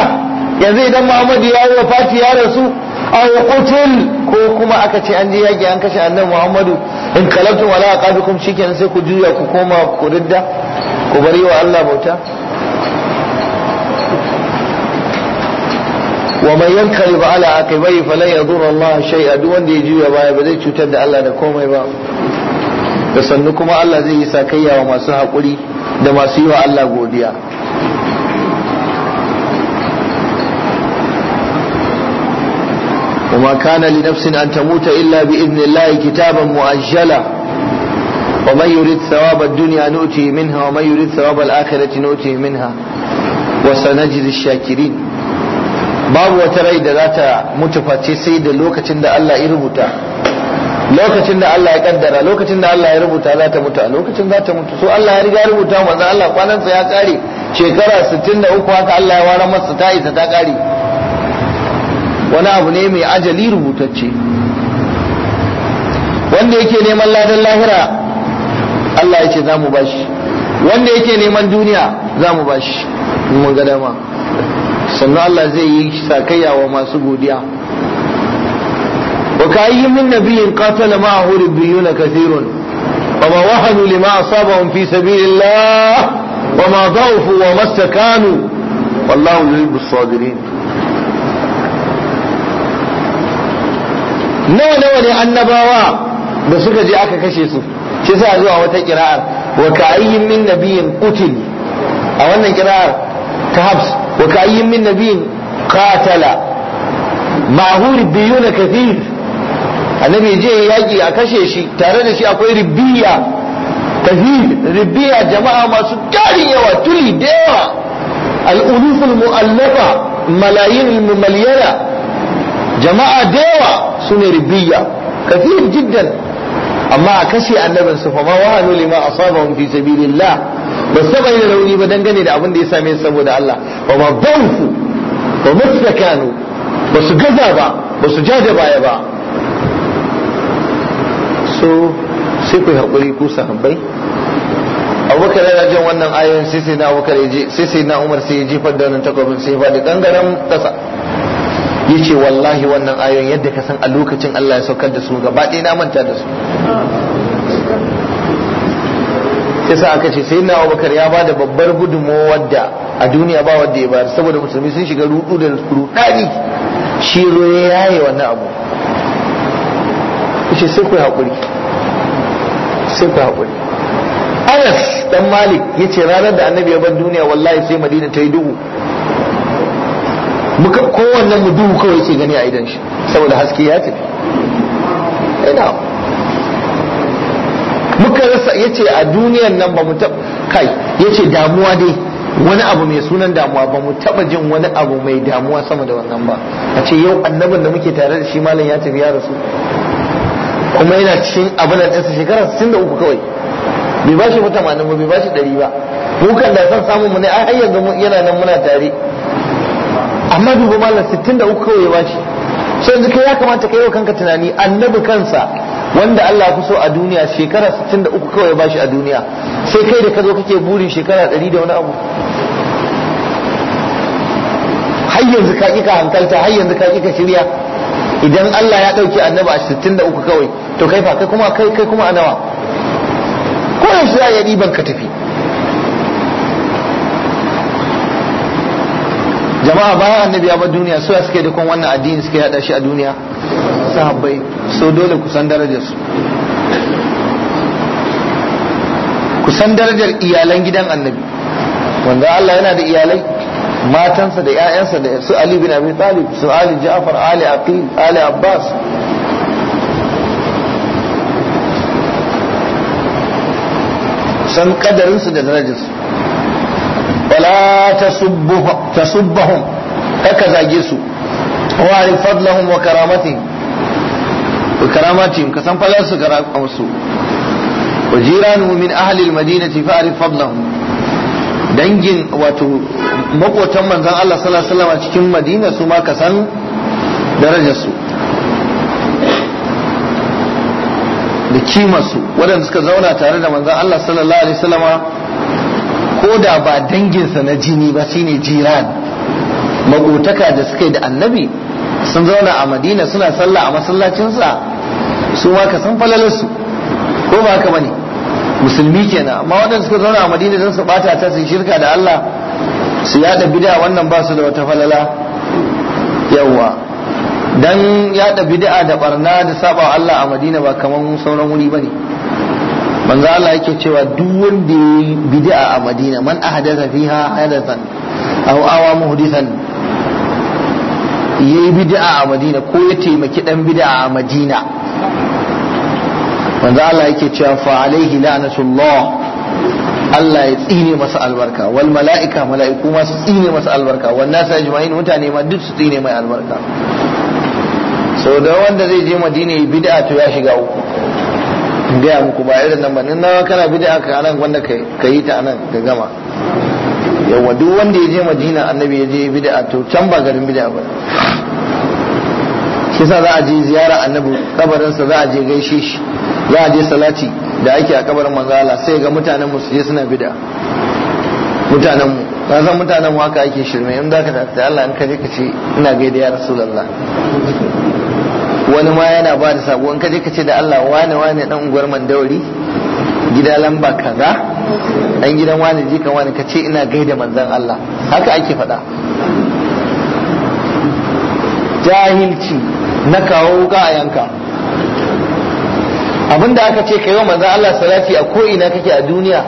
Speaker 1: yanzu idan muhammadu ya yi wafati ya rasu aw qutul ko kuma aka ce an je yaki an kashe annabi muhammadu in kalatu wala aqabikum shikenan sai ku juya ku koma ku ridda ku bari wa Allah bauta wa mai على عقبيه فلن يضر الله شيئا دون دي جوا باي بزي تشوتر ده الله ده كومي با da sannu kuma Allah zai yi sakayya wa masu haƙuri da masu yi wa Allah godiya kuma kana li nafsin an tamuta illa bi idni Allah kitaban mu'ajjala wa man yurid thawaba ad-dunya minha wa man yurid thawaba al-akhirati nuti minha wa shakirin babu wata rai da za ta mutu face sai da lokacin da Allah ya rubuta lokacin da Allah ya kaddara lokacin da Allah ya rubuta za ta mutu a lokacin za ta mutu so Allah ya riga rubuta manzo Allah kwanan sa ya kare shekara 63 haka Allah ya ware masa ta isa ta kare wani abu ne mai ajali rubutacce wanda yake neman ladan lahira Allah ya ce za mu bashi wanda yake neman duniya za mu bashi mun ga dama sannan Allah zai yi sakayya wa masu godiya wa ka ayyi min nabiyyin qatala ma'ahu rubbiyuna kathirun wa ma wahanu lima asabahum fi sabilillah wa ma dha'ufu wa mastakanu wallahu yuhibbu as-sabirin nawa nawa ne annabawa da suka je aka kashe su shi sa zuwa wata kira'ar wa ka ayyi min nabiyyin qutil a wannan kira'ar ta habs وكأي من نبي قاتل معه ربيون كثير النبي جاي يجي أكشيشي ترى شيء أكو ربية كثير ربية جماعة ما سكاري وتلي ديوة الألوف المؤلفة ملايين المملينة جماعة ديوة سنة ربية كثير جدا أما أكشي النبي سفما وهنوا لما أصابهم في سبيل الله ba saba yin rauni ba dangane da abin da ya same su saboda Allah ba ma baufu ba mustakanu ba su gaza ba ba su jaje baya ba so sai ku haƙuri ku sahabbai abubakar yana jan wannan ayoyin sai sai na abubakar sai sai na umar sai ya jefar da wannan takwabin sai ya faɗi gangaren ƙasa ya ce wallahi wannan ayoyin yadda ka san a lokacin Allah ya saukar da su gaba ɗaya na manta da su yasa aka ce sai na Abubakar ya bada babbar gudunmawar da a duniya ba wanda ya bayar saboda musulmi sun shiga rudu da rudani shi ya yi wannan abu ce sai ku hakuri sai ku haƙuri Anas dan Malik ya ce ranar da Annabi ya bar duniya wallahi sai Madina ta yi duhu muka kowannen mu duhu kawai ce gani a idan shi saboda haske ya tafi ina muka rasa ce a duniyan nan ba mu kai yace damuwa dai wani abu mai sunan damuwa ba mu taba jin wani abu mai damuwa sama da wannan ba a ce yau annabin da muke tare da shi malam ya tafi ya rasu kuma yana cikin abin da ɗansa shekara 63 kawai bai ba shi wata manin ba bai ba shi ɗari ba mukan da san samun mu ne ai yanzu yana nan muna tare amma duba malam 63 kawai ya ba shi sai yanzu kai ya kamata kai wa kanka tunani annabi kansa wanda Allah ya so a duniya shekara 63 kawai ya bashi a duniya sai kai da ka zo kake burin shekara 100 da wani abu har yanzu ka kika hankalta har yanzu ka kika shirya idan Allah ya dauki annabi a 63 kawai to kai fa kai kuma kai kai kuma a nawa ko yanzu za a yi riban ka tafi jama'a bayan annabi ya bar duniya su suke da kon wannan addini suke yada shi a duniya sahabbai so dole ku san darajar su ku san darajar iyalan gidan annabi wanda Allah yana da iyalai matansa da 'ya'yansa da su Ali bin Abi Talib su Ali Ja'far Ali Aqil Ali Abbas san su da darajar su. ولا تسبهم تسبهم هكذا جيسو واعرف فضلهم وكرامتهم وكرامتهم كسان فلاسو كرامتهم وجيرانه من أهل المدينة فأعرف فضلهم dangin wato makotan manzon Allah sallallahu alaihi wasallam cikin Madina su ma ka san darajar su da kimar su wadanda suka zauna tare da manzan Allah sallallahu alaihi wasallama ko da ba danginsa na jini ba shine jiran magotaka da suka yi da annabi sun zauna a madina suna sallah a masallacinsa su ma ka san falalarsu ko ba haka bane musulmi kenan amma waɗanda suka zauna a madina don su bata ta su shirka da Allah su yaɗa bid'a wannan ba su da wata falala yawa dan yaɗa bid'a da barna da saba Allah a madina ba kaman sauran wuri bane manzo Allah yake cewa duk wanda ya bid'a a Madina man ahdatha fiha hadathan aw awa muhdithan yayi bid'a a Madina ko ya taimaki dan bid'a a Madina manzo Allah yake cewa fa alaihi la'natullah Allah ya tsine masa albarka wal mala'ika mala'iku ma su tsine masa albarka wan nasu ajma'in mutane ma duk su tsine mai albarka sau da wanda zai je Madina ya bid'a to ya shiga uku gaya muku ba irin nan ba nan nawa kana da aka anan wanda ka yi ta anan ka gama yawa duk wanda ya je madina annabi ya je da to can ba garin bi da ba shi sa za a je ziyara annabi kabarinsa za a je gaishe shi za a je salati da ake a kabarin manzo Allah sai ga mutanen mu su je suna bi da mutanen mu ka san mutanen mu haka ake shirme in zaka ta Allah in ka je ka ce ina gaida ya rasulullah wani ma yana ba da sabuwan kaje ka ce da Allah wane wane dan unguwar mandauri gida lamba kaza dan gidan wani jika wani ka ce ina gaida manzon Allah haka ake faɗa jahilci na kawo ga a yanka abinda aka ce kai wa manzon Allah salati a ko ina kake a duniya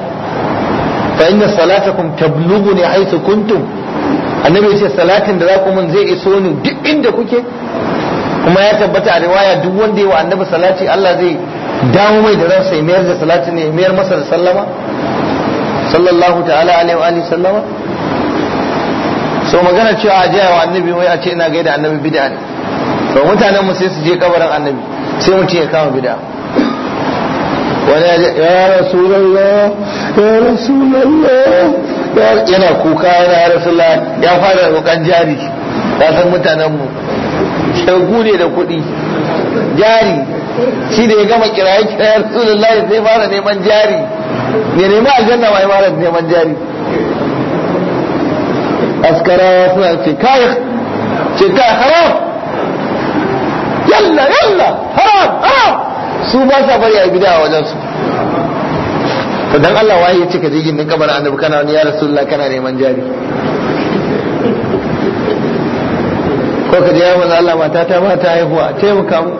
Speaker 1: fa inna salatakum tablughuni haythu kuntum annabi ya ce salatin da za ku mun zai iso ni duk inda kuke kuma ya tabbata a riwaya duk wanda ya wa annabi salati Allah zai dawo mai da ransa ya mayar da salati ne mayar masa da sallama sallallahu ta'ala alaihi wa alihi sallama so magana cewa a jiya wa annabi wai a ce ina gaida annabi bid'a ne to mutanen mu sai su je kabarin annabi sai mutum ya kama bid'a wani ya rasu rasulullah ya rasulullah yana kuka yana rasulullah ya fara roƙan jari ya san mutanen mu shagu ne da kuɗi jari shi da ya gama kiraye kiraye lai sai fara neman jari ne nema janna ma ya fara neman jari askarawa suna ce kai ce kai haram yalla yalla haram haram su ba sa bari a bida a wajensu, to dan Allah waye ya ce ka je gindin kabarin annabi kana ne ya rasulullah kana neman jari ko ka ya manzo Allah mata ta ba ta haihuwa taimaka mu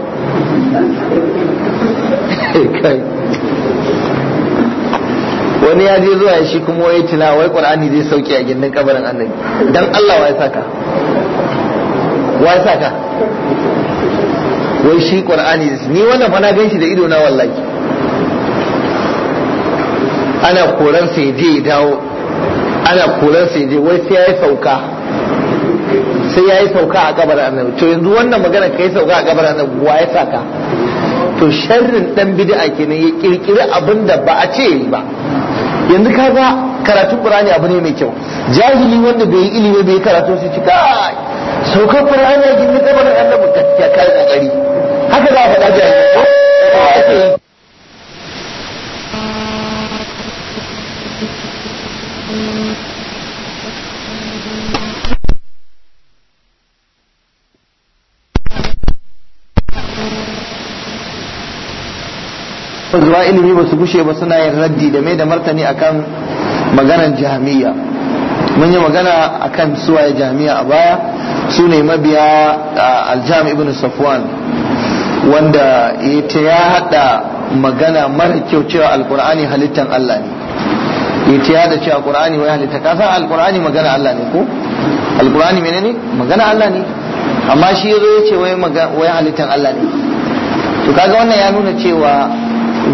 Speaker 1: wani ya je zuwa shi kuma wai tuna wai qur'ani zai sauke a gindin kabarin annabi dan Allah wai saka wai saka wai shi qur'ani ni wannan fa na shi da ido na wallahi ana koran sai je dawo ana koran sai je wai sai ya sauka sai ya yi sauka a kabar annabi to yanzu wannan magana ka yi sauka a kabar annabi wa ya saka to sharrin dan bid'a kenan ya kirkiri abin da ba a ce ba yanzu ka ga karatun qur'ani abu ne mai kyau jahili wanda bai yi ilimi bai karatu sai cika saukar qur'ani a gindin kabar annabi ta ka kai gari haka za a faɗa jahili ɗaliba ilimi ba su gushe ba suna yin raddi da mai da martani akan maganar jami'a mun yi magana akan suwaye jami'a a baya su ne mabiya aljami ibn safwan wanda ita ya hada magana mara kyau cewa alkur'ani halittan Allah ne ita ya da cewa alkur'ani wai halitta kasan alkur'ani magana Allah ne ko alkur'ani menene magana Allah ne amma shi zo ya ce wai halittan Allah ne to kaga wannan ya nuna cewa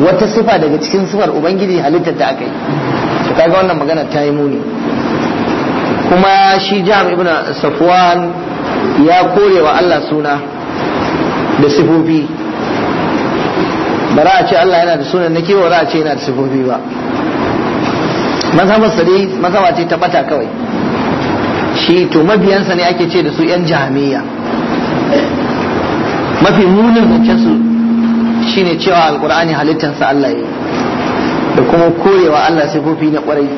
Speaker 1: wata sifa daga cikin sifar ubangiji halittar ta aka yi to kaga wannan magana ta yi muni kuma shi jam ibn safwan ya kore wa Allah suna da sifofi ba za a ce Allah yana da sunan na kewa za a ce yana da sifofi ba mazhabar Sadi mazhaba ce ta kawai shi to mabiyansa ne ake ce da su yan jami'a mafi munin zancen su shine cewa alkur'ani halittansa Allah yi da kuma korewa Allah kofi na kwarai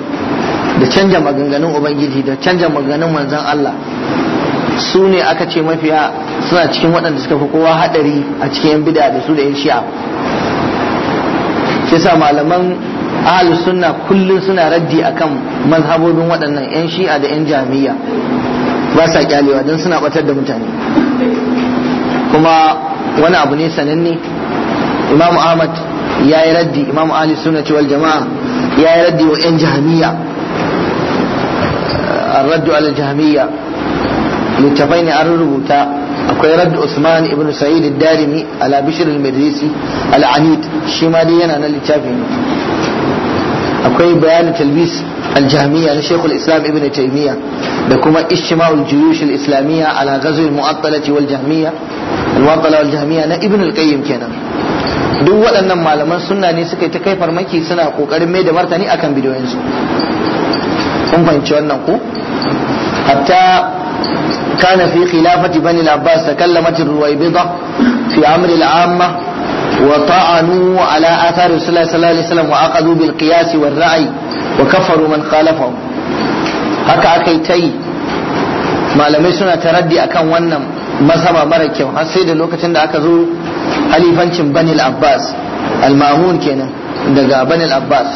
Speaker 1: da canja maganganun ubangiji da canja maganganun manzon Allah su ne aka ce mafiya suna cikin waɗanda suka fi kowa haɗari a cikin yan bida da su da yan shi'a shi sa malaman ahlus sunna kullum suna raddi akan mazhabobin waɗannan yan shi'a da yan jami'a ba sa kyalewa don suna batar da mutane kuma wani abu ne sananne imamu ahmad ya yi raddi imamu Ali suna wal jama'a ya yi raddi wa yan jahamiya raddu al jahamiya littafai ne an rubuta akwai raddu usman ibn sa'id darimi ala bishr al madrisi al anid shi ma dai yana nan littafin akwai bayan talbis الجهمية لشيخ الإسلام ابن تيمية لكما اجتماع الجيوش الإسلامية على غزو المعطلة والجهمية المعطلة والجهمية أنا ابن القيم kenan. duk waɗannan malaman sunna ne suka yi ta kai farmaki suna kokarin mai da martani akan bidiyoyinsu kun fahimci wannan ku hatta fi كان في خلافة بني fi تكلمت الرويبضة wa ta'anu العامة وطعنوا على آثار رسول الله wa الله عليه وسلم wa Ra'ayi wa Kafa من خالفهم haka aka yi ta yi malamai suna ta raddi akan wannan masaba mara kyau har sai da lokacin da aka zo halifancin banil abbas al-mamun kenan daga banil abbas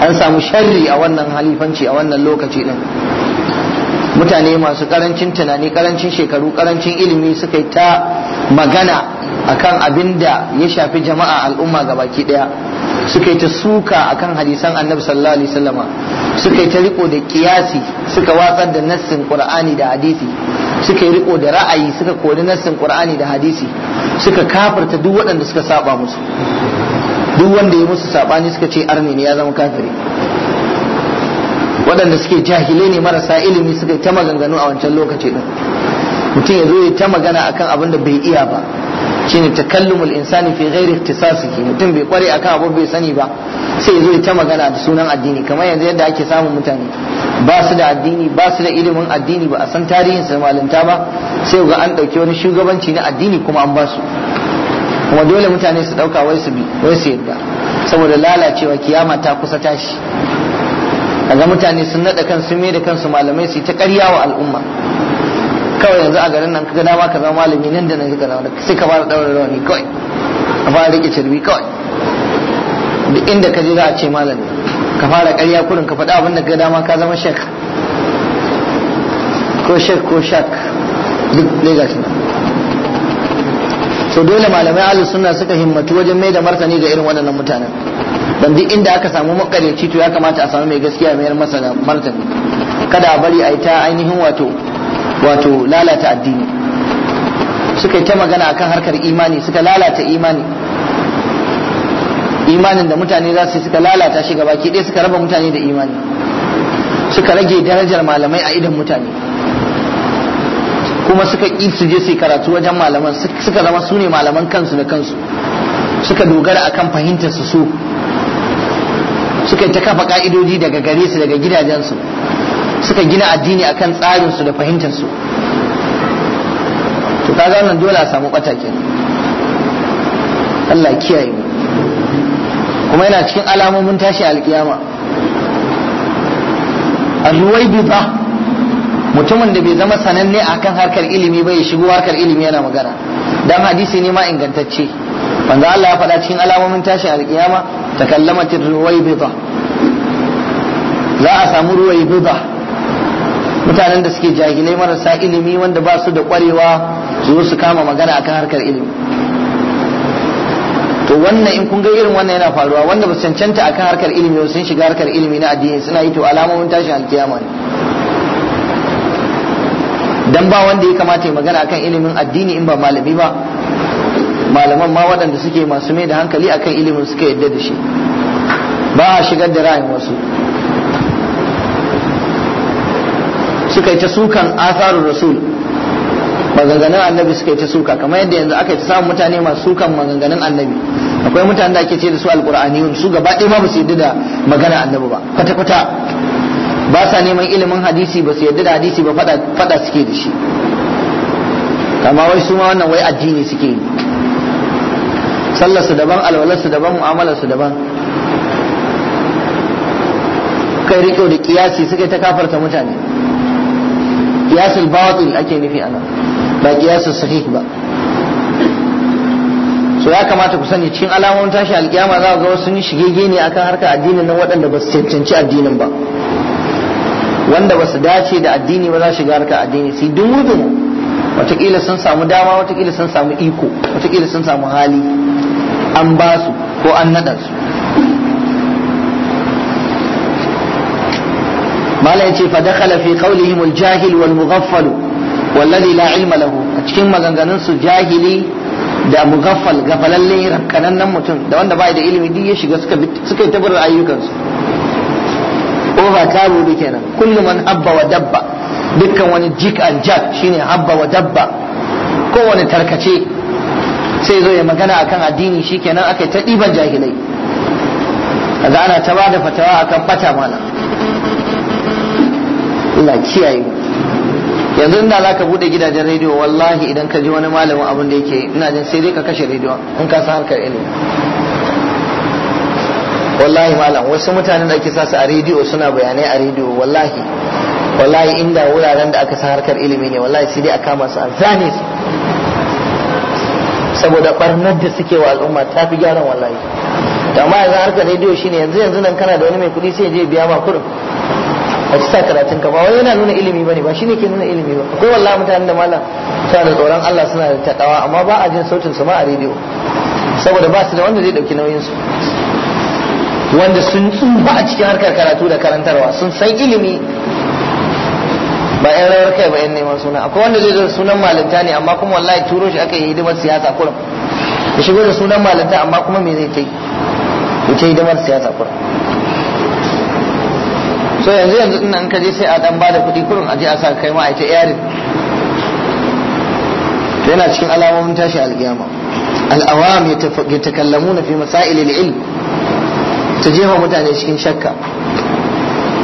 Speaker 1: an samu sharri a wannan halifanci a wannan lokaci din mutane masu karancin tunani karancin shekaru karancin ilimi suka yi ta magana akan abin da ya shafi jama'a al'umma gabaki daya suka yi ta suka akan hadisan annabi sallallahu alaihi wasallama suka yi ta riko da kiyasi suka watsar da nassin qur'ani da hadisi suka yi riko da ra'ayi suka kori nassin qur'ani da hadisi suka kafirta duk waɗanda suka saba musu duk wanda ya musu sabani suka ce arni ne ya zama kafiri waɗanda suke jahilai ne marasa ilimi suka yi ta maganganu a wancan lokaci din mutum ya zo ya ta magana akan abin da bai iya ba shine takallumul insani fi ghairi ikhtisasihi mutum bai kware akan abu bai sani ba sai zo ta magana da sunan addini kamar yanzu yadda ake samun mutane ba su da addini ba su da ilimin addini ba a san tarihin sa malinta ba sai ga an dauki wani shugabanci na addini kuma an ba su kuma dole mutane su dauka wai su bi wai su yadda saboda lalacewa kiyama ta kusa tashi kaga mutane sun nada kansu mai da kansu malamai su ta karya wa al'umma kawai yanzu a garin nan kaga dama ka zama malami nan da nan ka zama sai ka fara daura rawani kawai ka fara rike cirbi kawai duk inda ka je za a ce malami ka fara ƙarya kurin ka faɗa abin da ka dama ka zama shek ko shek ko shak duk dai shi so dole malamai ahlus sunna suka himmatu wajen mai da martani ga irin waɗannan mutanen dan duk inda aka samu makareci to ya kamata a samu mai gaskiya mai masa martani kada a bari a yi ta ainihin wato wato lalata addini suka yi ta magana akan harkar imani suka lalata imani imanin da mutane za su suka lalata shi gaba ɗaya suka raba mutane da imani suka rage darajar malamai a idan mutane kuma suka ƙi su je su karatu wajen malaman suka zama su ne malaman kansu da kansu suka dogara akan fahimtar su so suka ta kafa ka'idoji daga gare su daga gidajensu suka gina addini akan tsarinsu da fahimtarsu to kaga wannan dole a samu bata Allah kiyaye mu kuma yana cikin alamomin tashi alkiyama ba mutumin da bai zama sananne akan harkar ilimi bai shigo harkar ilimi yana magana dan hadisi ne ma ingantacce wanda Allah ya faɗa cikin alamomin tashi alkiyama takallamatir ba. za a samu ba. mutanen da suke jahilai marasa ilimi wanda ba su da kwarewa su su kama magana akan harkar ilimi to wannan in kun ga irin wannan yana faruwa wanda ba su cancanta akan harkar ilimi sun shiga harkar ilimi na addini suna yi to alamomin tashin alkiyama ne dan ba wanda ya kamata ya magana akan ilimin addini in ba malami ba malaman ma waɗanda suke masu mai da hankali akan ilimin suka yadda da shi ba a shigar da ra'ayin wasu suka yi ta sukan asarun rasul maganganun annabi suka yi ta suka kamar yadda yanzu aka yi samun mutane masu sukan maganganun annabi akwai mutane da ake ce da su alqur'aniyun su gaba ɗaya ba su yadda da magana annabi ba kwata kwata ba sa neman ilimin hadisi ba su yadda da hadisi ba fada suke da shi kama wai su ma wannan wai addini suke yi sallarsu daban alwalarsu daban mu'amalarsu daban kai riko da kiyasi suka ta kafarta mutane kiyasul batil ake nufi ana ba kiyasul sahih ba so ya kamata ku sani cikin alamomin tashi alkiyama za ga wasu sun shigege ne akan harka addinin nan waɗanda ba su cancanci addinin ba wanda ba su dace da addini ba za su shiga harka addini sai dumu-dumu watakila sun samu dama watakila sun samu iko watakila sun samu hali an ba su ko an naɗa su ما لا يتي فدخل في قولهم wal والمغفل la ilma علم a cikin maganganun su jahili da mugaffal gafalalle nan mutum da wanda bai da ilimi duk ya shiga suka suka ta bar ayyukansu over tabu kenan kullu man abba wa dabba dukkan wani jik and jack shine abba wa dabba kowane tarkace sai zo ya magana akan addini shikenan aka ta diban jahilai kaza ana ta bada fatawa akan bata mala Allah kiyaye yanzu inda za ka bude gidajen rediyo wallahi idan ka ji wani malamin abin da yake ina jin sai dai ka kashe rediyo in ka san harkar ilimi wallahi malam wasu mutanen da ake sa su a rediyo suna bayanai a rediyo wallahi wallahi inda wuraren da aka san harkar ilimi ne wallahi sai dai a kama su a zane su saboda barnar da suke wa al'umma ta fi gyaran wallahi amma yanzu harkar rediyo shine yanzu yanzu nan kana da wani mai kuɗi sai je biya ma kurin a ci sa karatun ka ba wani yana nuna ilimi ne ba shi ne ke nuna ilimi ba akwai wallah mutanen da malam suna da tsoron Allah suna da taɗawa amma ba a jin sautin su ma a rediyo saboda ba su da wanda zai dauki nauyin su wanda sun tsumba a cikin harkar karatu da karantarwa sun san ilimi ba yan rawar kai ba yan neman suna akwai wanda zai zo sunan malinta ne amma kuma wallahi turo shi aka yi hidimar siyasa kuma ya shigo da sunan malinta amma kuma me zai ta yi ya ce hidimar siyasa kuma so yanzu yanzu ina in kaje sai a dan bada kuɗi kurun aje a sa kai ma a ta yarin yana cikin alamomin tashi alkiyama al'awam ya takallamuna fi masailil ilm ta jefa mutane cikin shakka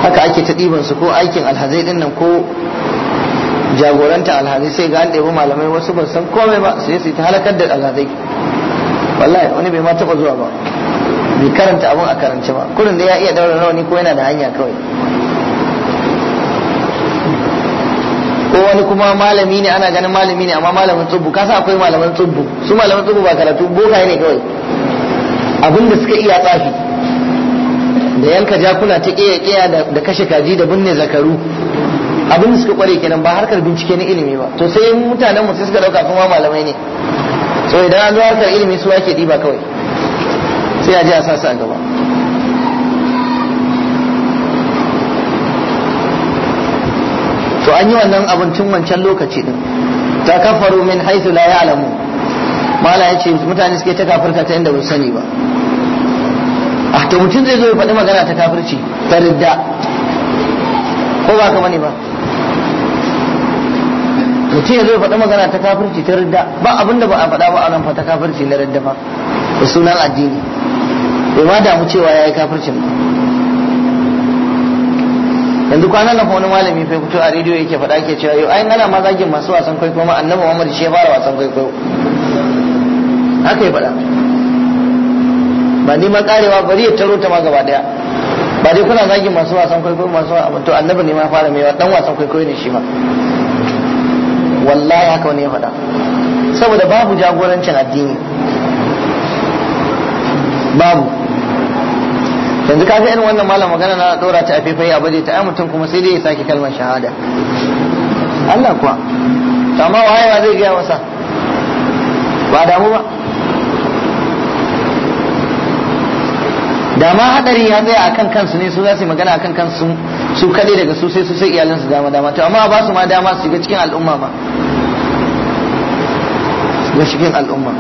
Speaker 1: haka ake ta ɗiban su ko aikin alhazai din nan ko jagoranta alhazai sai ga an ɗebi malamai wasu ban san komai ba sai su ta halakar da alhazai wallahi wani bai ma taba zuwa ba bai karanta abun a karanci ba kurin da ya iya daura rawani ko yana da hanya kawai ko wani kuma malami ne ana ganin malami ne amma malamin tsubbu kasa akwai malaman tsubbu su malaman tsubbu ba karatu boka ne kawai abin da suka iya tsafi da yanka jakuna ta iya iya da kashe kaji da binne zakaru abin da suka kware kenan ba harkar bincike na ilimi ba to sai mutanen mu sai suka dauka kuma malamai ne so idan an zo harkar ilimi su ake diba kawai sai ya ji a sasa a gaba to an yi wannan abin tun wancan lokaci din ta kafaru min haithu la ya'lamu mala ya ce mutane suke ta kafirta ta inda ba sani ba a ah, to mutum zai zo ya faɗi magana ta kafirci ta ridda ko ba ka bane ba mutum ya zo ya faɗi magana ta kafirci ta ridda ba abinda ba a faɗa ba a nan fa ta kafirci na ridda ba da sunan addini bai ma damu cewa ya yi kafircin yanzu kwanan na wani malami fai fito a rediyo yake faɗa ke cewa yau ayin ana ma zagin masu wasan kwaikwayo ma annabi Muhammad shi ya fara wasan kwaikwayo haka ya faɗa ba ni ma karewa bari ya taro ta ma gaba daya ba dai kuna zagin masu wasan kwaikwayo masu wasan to annabi ne ma fara mai dan wasan kwaikwayo ne shi ma wallahi haka wani ya faɗa saboda babu jagorancin addini babu yanzu ka ga irin wannan malam magana na dora ta a a baje ta ai mutum kuma sai dai ya sake kalmar shahada Allah kuwa amma wayewa zai gaya masa ba damu ba da ma hadari ya tsaya akan kansu ne su za su yi magana akan kansu su kadai daga su sai su sai iyalansu dama dama to amma ba su ma dama su shiga cikin al'umma ba shiga cikin al'umma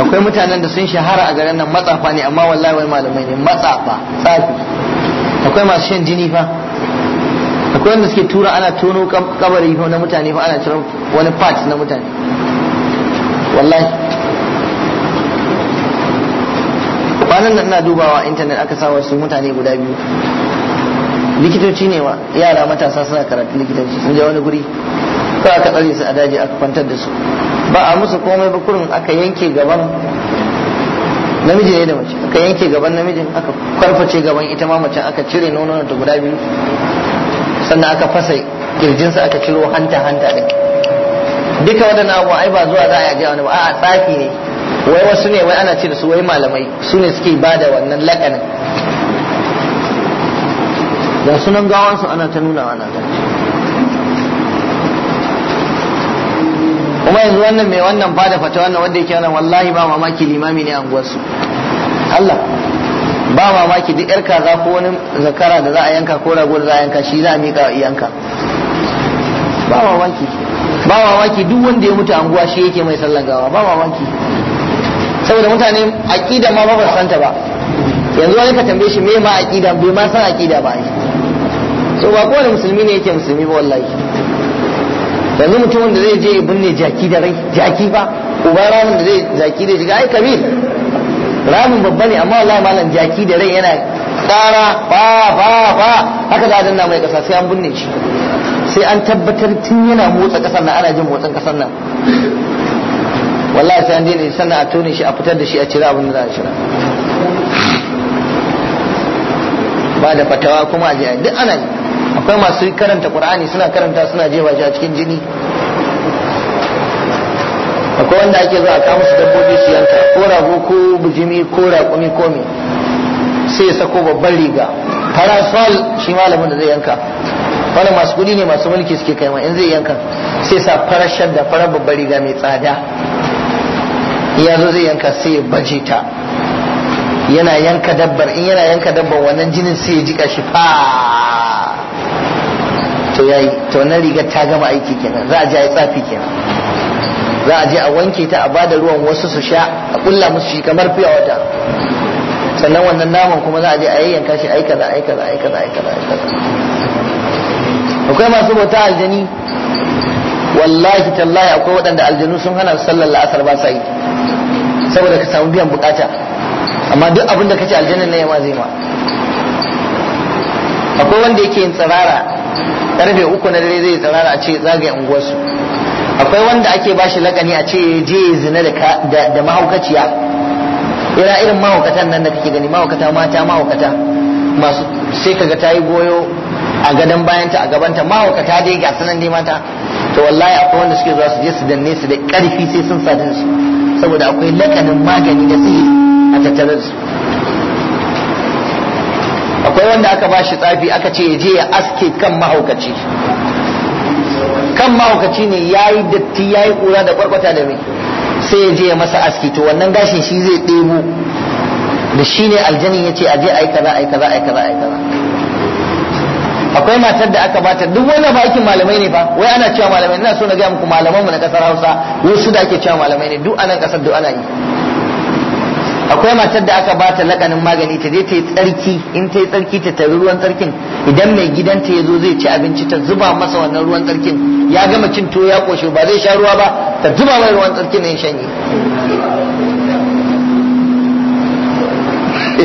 Speaker 1: akwai mutanen da sun shahara a garin nan matsafa ne amma wallahi wai malamai ne matsafa tsafi akwai masu shan jini fa akwai wanda suke tura ana tono kabari na mutane fa ana tura wani part na mutane wallahi kwanan nan ina dubawa intanet aka sa wasu mutane guda biyu likitoci ne wa yara matasa suna karatu likitanci sun je wani guri sai aka tsare su a daji aka kwantar da su ba a musu komai ba kurin aka yanke gaban namiji ne da mace aka yanke gaban namijin aka kwarface gaban ita ma mace aka cire nonon ta guda biyu sannan aka fasa kirjinsa aka ciro hanta hanta din duka waɗannan abubuwa ai ba zuwa za a yi wani ba a'a tsafi ne wai wasu ne wai ana ce da su wai malamai su ne suke ba da wannan lakanin da sunan gawansu ana ta nuna ana ta kuma yanzu wannan mai wannan bada fata wannan wanda yake wannan wallahi ba mamaki limami ne a unguwarsu Allah ba mamaki duk yar kaza ko wani zakara da za a yanka ko rago da za a yanka shi za a miƙa wa iyanka ba mamaki ba mamaki duk wanda ya mutu anguwa shi yake mai sallan gawa ba mamaki saboda mutane aqida ma ba ta ba yanzu wani ka tambaye shi me ma aqida bai ma san aqida ba ai so ba kowane musulmi ne yake musulmi ba wallahi yanzu mutum wanda zai je binne jaki da rai jaki ba uban ramin da zai jaki da shiga ai kabil ramin babba ne amma wallahi malam jaki da rai yana tsara ba ba ba haka da a danna mai kasa sai an binne shi sai an tabbatar tun yana motsa kasar nan ana jin motsin kasar nan wallahi sai an daina sannan a tone shi a fitar da shi a cira abin da za a cira ba da fatawa kuma a je duk ana akwai masu karanta qur'ani suna karanta suna jefa shi a cikin jini akwai wanda ake zuwa ka musu dabbobi su yanka ko rago ko bujimi ko raƙumi ko me sai ya sako babban riga parasol shi malamin da zai yanka wannan masu kudi ne masu mulki suke kai in zai yanka sai sa farashar da farar babban riga mai tsada ya zo zai yanka sai ya baje ta yana yanka dabbar in yana yanka dabbar wannan jinin sai ya jika shi fa to yayi to wannan rigar ta gama aiki kenan za a je a yi tsafi kenan za a je a wanke ta a bada ruwan wasu su sha a kulla musu shi kamar fiya wata sannan wannan naman kuma za a je a yayyanka shi aika za aika za aika za aika za aika akwai masu bauta aljani wallahi tallahi akwai waɗanda aljanu sun hana sallar la'asar ba sa yi saboda ka samu biyan bukata amma duk abin da kace aljanna ne ma zai ma akwai wanda yake yin tsirara karfe uku na dare zai tsarara a ce unguwarsu akwai wanda ake ba shi lakani a ce je zina da mahaukaciya ira irin mahaukatan nan da kake gani mahaukata mata mahaukata masu sai kaga ta yi goyo a gadon bayanta a gabanta mahaukata dai ga sanan dai mata to wallahi akwai wanda suke zuwa su je su danne su da karfi sai sun sadu su saboda akwai lakanin magani da su a tattare da su akwai wanda aka ba shi tsafi aka ce ya je ya aske kan mahaukaci kan mahaukaci ne ya yi datti ya yi kura da kwarkwata da mai sai ya je ya masa aski to wannan gashin shi zai ɗebo da shi ne aljanin ya ce a je a yi kaza a yi kaza a yi kaza a yi kaza akwai matar da aka bata duk wanda ba aikin malamai ne ba wai ana cewa malamai ina so na gaya muku malaman mu na kasar Hausa wasu da ake cewa malamai ne duk anan kasar duk ana yi akwai matar da aka bata lakanin magani ta je ta yi tsarki in ta yi tsarki ta tari ruwan tsarkin idan mai gidanta ya zo zai ci abinci ta zuba masa wannan ruwan tsarkin ya gama cin tuwo ya koshe ba zai sha ruwa ba ta zuba mai ruwan tsarkin ya shanye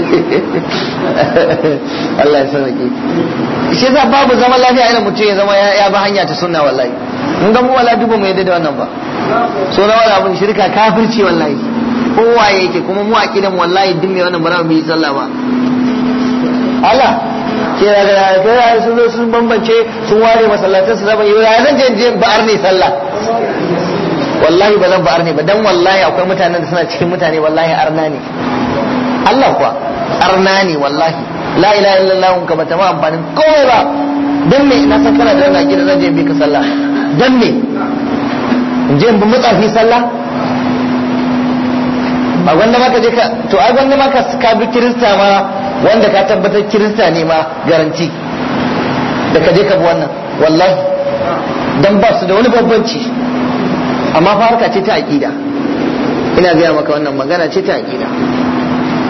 Speaker 1: Allah ya sauke shi yasa babu zaman lafiya ina mutum ya zama ya ba hanya ta sunna wallahi mun ga mu wala dubu mu yadda da wannan ba so na wala abun shirka kafirci wallahi kowa yake kuma mu aqidan wallahi duk mai wannan bara mu yi sallah ba Allah ke da kai sun zo sun bambance sun ware masallatan su zaba ya zan je je ba'ar ne sallah wallahi ba zan ba'ar ne ba dan wallahi akwai mutanen da suna cikin mutane wallahi arna ne Allah kuwa arna ne wallahi la ilaha illallah ka bata ma amfanin komai ba dan me na san kana da zaki da zan je bi ka sallah dan me in je in bi mutsafi sallah A gwanda ma ka je ka to a gwanda ma ka bi kirista ma wanda ka tabbatar kirista ne ma garanti da ka je ka bi wannan wallahi dan ba su da wani babbanci amma fa harka ce ta aƙida ina gaya maka wannan magana ce ta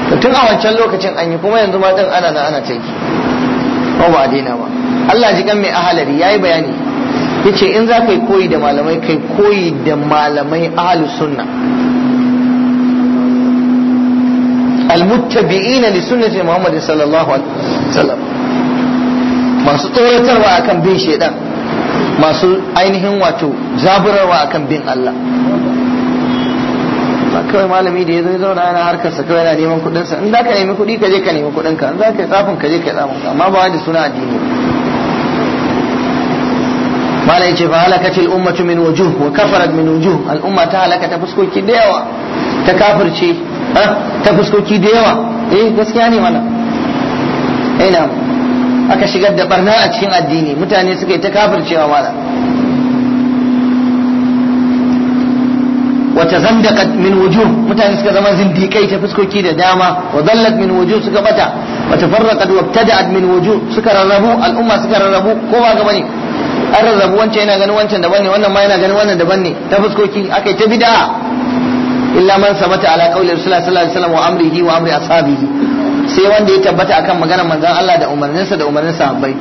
Speaker 1: da tun a wancan lokacin an yi kuma yanzu ma din ana na ana ciki ba ba daina ba Allah ji kan mai ahalari yayi bayani yace in za ka yi koyi da malamai kai koyi da malamai ahlus sunna almuttabi'ina li sunnati Muhammad sallallahu alaihi wasallam masu tsoratarwa akan bin shaidan masu ainihin wato zaburarwa akan bin Allah ba kawai malami da ya zo zauna yana harkar sa kawai yana neman kuɗin sa in zaka nemi kuɗi ka je ka nemi kuɗin ka in zaka yi tsafin ka je ka yi tsafin ka amma ba wani suna addini malai ce fa halakat al ummatu min wujuh wa kafarat min wujuh al umma ta halaka ta fuskoki da yawa ta kafirce ta fuskoki da yawa eh gaskiya ne mana ina eh, aka shigar da barna a cikin addini mutane suka yi ta kafircewa mana wata zandaqat min wujuh mutane suka zama zindikai ta fuskoki da dama wa dallat min wujuh suka bata wa tafarraqat wa ibtada'at min wujuh suka rarrabu al'umma suka rarrabu kowa gaba ne an rarrabu wancan yana ganin wancan daban ne wannan ma yana ganin wannan daban ne ta fuskoki akai ta bid'a illa man sabata ala qawli rasulullah sallallahu alaihi wasallam wa amrihi wa amri ashabihi sai wanda ya tabbata akan maganar manzon Allah da umarninsa da umarnin sahabbai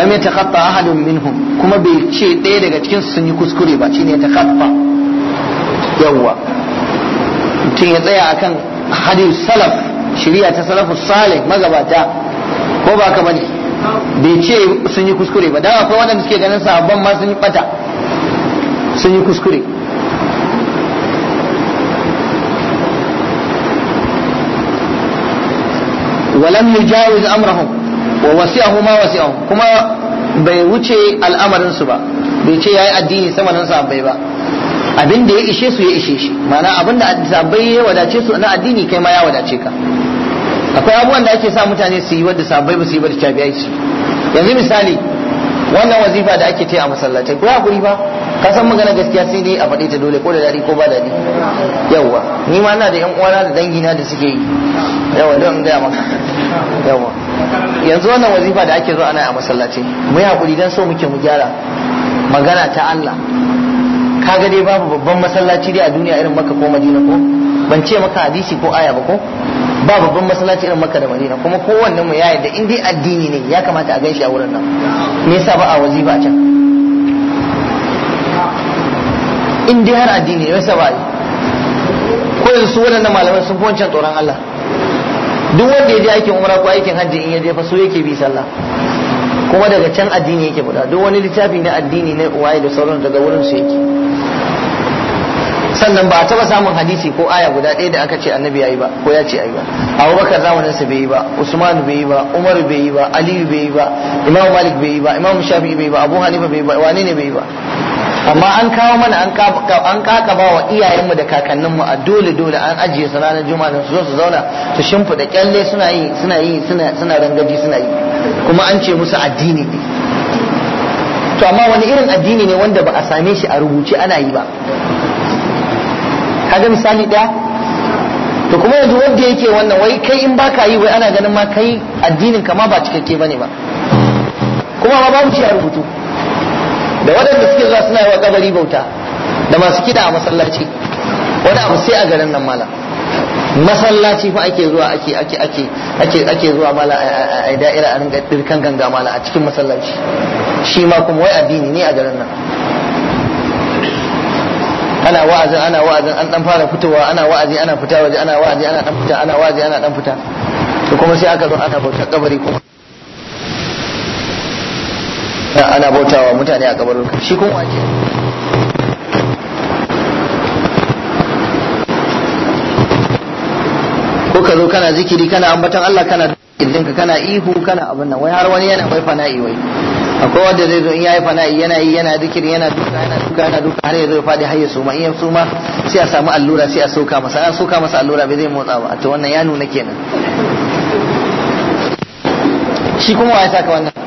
Speaker 1: lam yatakhatta ahadun minhum kuma bai ce ɗaya daga cikin sun yi kuskure ba shine yatakhatta yawa tun ya tsaya akan hadith salaf shari'a ta salafus salih magabata ko ba ka bane bai ce sun yi kuskure ba dan akwai wanda suke ganin sahabban ma sun yi bata sun yi kuskure ولم يجاوز أمرهم ووسعه ما وسعه كما بيوتي الأمر سبا بيتي يا أديني ثمن bai ba. abin da ya ishe su ya ishe shi ma'ana abin da sabai ya wadace su na addini kai ma ya wadace ka akwai abubuwan da ake sa mutane su yi wadda sabai ba su yi ba da tabi'ai su yanzu misali wannan wazifa da ake ta a masallatai ko guri ba ka san magana gaskiya sai dai a faɗi ta dole ko da daɗi ko ba daɗi yawwa ni ma ina da yan uwana da na da suke yi yawwa don gaya maka yawa yanzu wannan wazifa da ake zo ana a masallaci mu yi hakuri dan so muke mu gyara magana ta Allah kaga dai babu babban masallaci dai a duniya irin makka ko madina ko ban ce maka hadisi ko aya ba ko ba babban masallaci irin makka da madina kuma kowanne mu ya yadda in dai addini ne ya kamata a ganshi a wurin nan me yasa ba a wazifa a can in dai har addini ya sa ko yanzu su waɗannan malaman sun fi wancan tsoron Allah duk wanda ya je aikin umra ko aikin hajji in ya je fa so yake bi sallah kuma daga can addini yake fita duk wani littafi na addini na waye da sauran daga wurin su yake sannan ba a taba samun hadisi ko aya guda ɗaya da aka ce annabi yayi ba ko ya ce ayi ba abubakar zamanin sa bai yi ba usman bai yi ba umar bai yi ba aliyu bai yi ba imam malik bai yi ba imam shafi'i bai yi ba abu hanifa bai yi ba wane ne bai yi ba amma an kawo mana an kakaba wa iyayenmu da kakanninmu a dole dole an ajiye su ranar juma'a don su zo su zauna su shimfiɗa kyalle suna yi suna yi suna rangaji suna yi kuma an ce musu addini ne to amma wani irin addini ne wanda ba a same shi a rubuce ana yi ba kaga misali ɗaya to kuma yanzu wanda yake wannan wai kai in baka yi wai ana ganin ma kai addinin ka ma ba cikakke bane ba kuma ba babu shi a rubutu da waɗanda suke zuwa suna yi wa kabari bauta da masu kida a masallaci wani abu sai a garin nan mala masallaci fa ake zuwa ake ake ake ake ake zuwa mala a da'ira a ringa dirkan ganga mala a cikin masallaci shi ma kuma wai addini ne a garin nan ana wa'azin ana wa'azin an dan fara fitowa ana wa'azi ana fita waje ana wa'azi ana dan fita ana wa'azi ana dan fita to kuma sai aka zo ana bauta kabari kuma ana bautawa mutane a kabarin shi kuma ake ko ka zo kana zikiri kana ambatan Allah kana kirjinka kana ihu kana abin nan wai har wani yana bai fana'i wai akwai wanda zai zo in yayi fana'i yana yi yana zikiri yana duka yana duka yana duka har ya zo fadi har ya suma in ya suma sai a samu allura sai a soka masa an soka masa allura bai zai motsa ba to wannan ya nuna kenan shi kuma wa ya saka wannan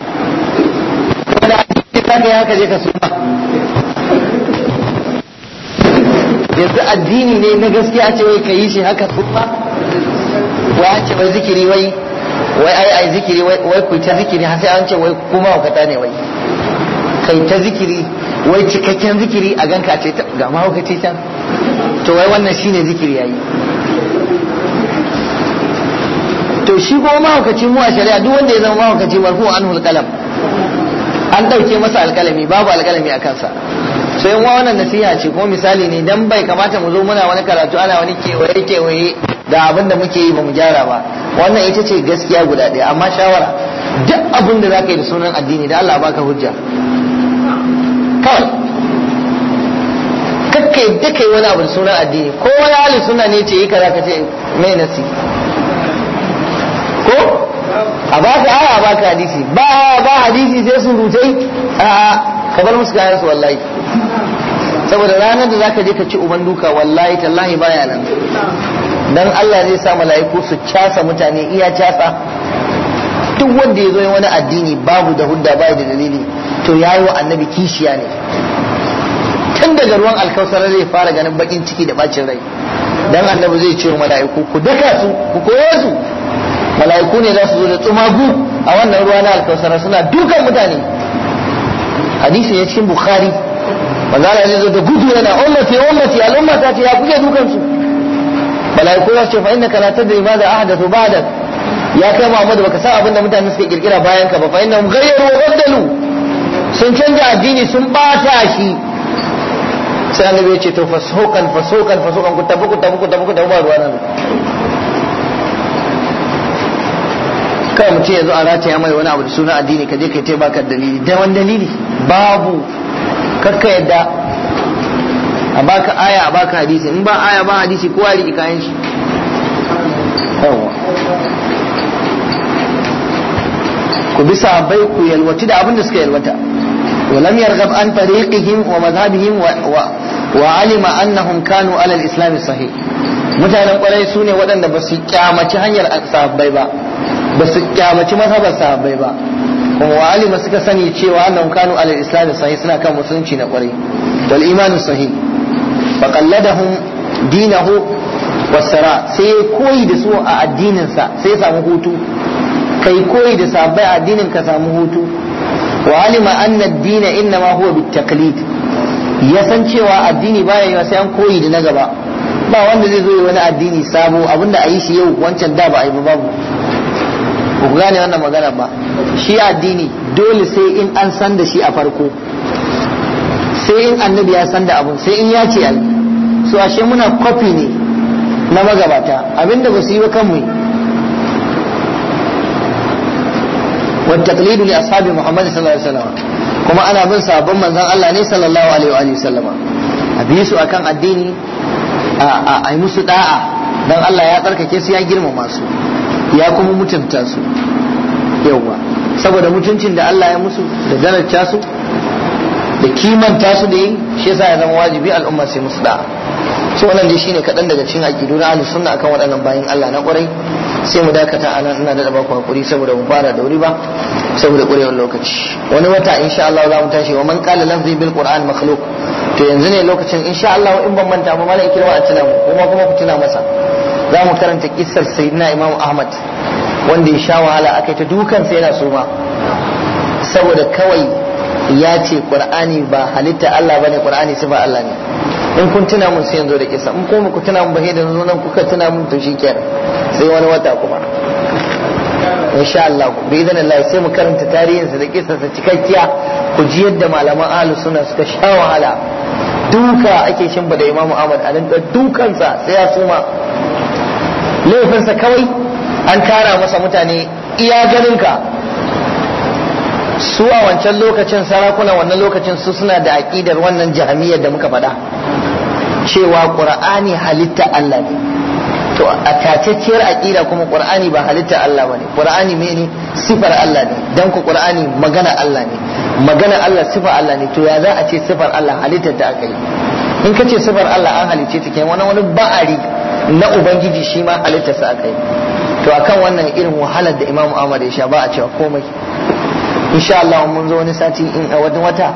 Speaker 1: ka ya kaje je ka suma yanzu addini ne na gaskiya ce wai ka yi shi haka suma wai an ce wai zikiri wai wai ai ai zikiri wai ku ta zikiri har sai an ce wai kuma wakata ne wai kai ta zikiri wai cikakken zikiri a ganka a ce ga ma hukaci can to wai wannan shine zikiri yayi to shi ko mahaukaci mu a shari'a duk wanda ya zama mahaukaci marfu anhu alqalam an ɗauke masa alƙalami babu alƙalami a kansa sai yin wannan nasiha ce ko misali ne dan bai kamata mu zo muna wani karatu ana wani kewaye kewaye da abin da muke yi ba mu gyara ba wannan ita ce gaskiya guda ɗaya amma shawara duk abin da zaka yi da sunan addini da Allah baka hujja kawai kakka yadda kai wani abu da sunan addini ko wani halin suna ne ce yi kaza ka ce mai nasi ko a ba ka aya ba ka hadisi ba ba hadisi sai sun surutai a ka bar musu kayan su wallahi saboda ranar da zaka je ka ci uban duka wallahi tallahi baya nan dan Allah zai sa mala'iku su casa mutane iya casa duk wanda ya zo wani addini babu da hudda bai da dalili to yayi wa annabi kishiya ne tun daga ruwan alkausar zai fara ganin bakin ciki da bacin rai dan annabi zai ce wa mala'iku ku daka su ku koye su mala'iku ne za su zo da tsumagu a wannan ruwa na alkausara suna dukan mutane hadisi ne cikin bukhari manzo Allah zo da gudu yana ummati ummati al'umma ta ce ya kuke dukan su mala'iku za su ce fa innaka la tadri ma da ahdathu ba'dak ya kai Muhammad baka san abin da mutane suke kirkira bayan ka ba fa innahum ghayyaru wa baddalu sun canja addini sun bata shi sai annabi ya ce to fasukan fasukan fasukan ku tabu ku tabu ku tabu ku tabu ba ruwa nan kawai mutum ya zo a rataya mai wani abu da suna addini ka je ka ta baka dalili da wani dalili babu karka yadda a baka aya a baka hadisi in ba aya ba hadisi kowa riƙi kayan shi ku bi sahabbai ku yalwaci da abin da suka yalwata ولم يرغب عن طريقهم ومذهبهم wa alima وعلم أنهم كانوا على الإسلام الصحيح mutanen kwarai su ne waɗanda ba su kyamaci hanyar sahabbai ba ba su kyamaci mazhabar sahabbai ba kuma wa alima suka sani cewa annahum kanu ala islam sai suna kan musulunci na kwarai wal imanu sahih fa qalladahum dinahu wasara sai koyi da su a addininsa sai ya samu hutu kai koyi da sahabbai a addinin ka samu hutu wa alima anna ad-dina innama huwa bit-taqlid ya san cewa addini baya yawa sai an koyi da na gaba ba wanda zai zo yi wani addini sabo abinda a yi shi yau wancan da ba a yi ba babu ku gane wannan magana ba shi addini dole sai in an san da shi a farko sai in annabi ya san da abun sai in ya ce al so ashe muna kwafi ne na magabata abinda ba su yi wa kanmu والتقليد لأصحاب محمد صلى الله عليه وسلم كما أنا بن صاحب من ذا الله صلى الله عليه وآله وسلم أبيسو أكان الديني أي مسو da'a دان الله يا ترك كيسي يا جرم ماسو ya kuma mutunta su yawwa saboda mutuncin da Allah ya musu da daraja su da kimanta su da yi shi yasa ya zama wajibi al'umma sai musu da'a so wannan dai shine kaɗan daga cikin aqidu na ahlus sunna akan waɗannan bayan Allah na ƙwarai sai mu dakata a nan ina da ba ku hakuri saboda mu fara da wuri ba saboda ƙurewar lokaci wani wata insha Allah za mu tashi wa man qala lafzi bil qur'an makhluq to yanzu ne lokacin insha Allah in ban manta ba malaikin wa a tuna mu kuma kuma ku tuna masa za mu karanta kisar sayyidina imam ahmad wanda ya sha wahala aka ta dukan sai yana suma saboda kawai ya ce qur'ani ba halitta Allah bane qur'ani sifa Allah ne in kun tuna mun sai yanzu da kisa in kuma ku tuna mun ba da nuna kuka tuna mun to shikenan sai wani wata kuma insha Allah bi idan Allah sai mu karanta tarihin sa da kisa sa cikakkiya ku ji yadda malaman ahlu suna suka sha wahala duka ake shimba da Imam Ahmad a dukansa sai ya suma laifinsa kawai an kara masa mutane iya ganinka su a wancan lokacin sarakuna wannan lokacin su suna da aƙidar wannan jahamiyyar da muka faɗa cewa ƙur'ani halitta Allah ne to a tacacciyar aƙida kuma ƙur'ani ba halitta Allah ba ne ƙur'ani ne sifar Allah ne don ku ƙur'ani magana Allah ne magana Allah sifar Allah ne to ya za a ce sifar Allah halittar da aka yi in ka ce sifar Allah an halicce ta kai wani wani ba'ari na ubangiji shi ma halittarsa aka yi to akan wannan irin wahalar da imamu ahmad ya sha ba a cewa komai insha Allah mun zo wani sati in a wani wata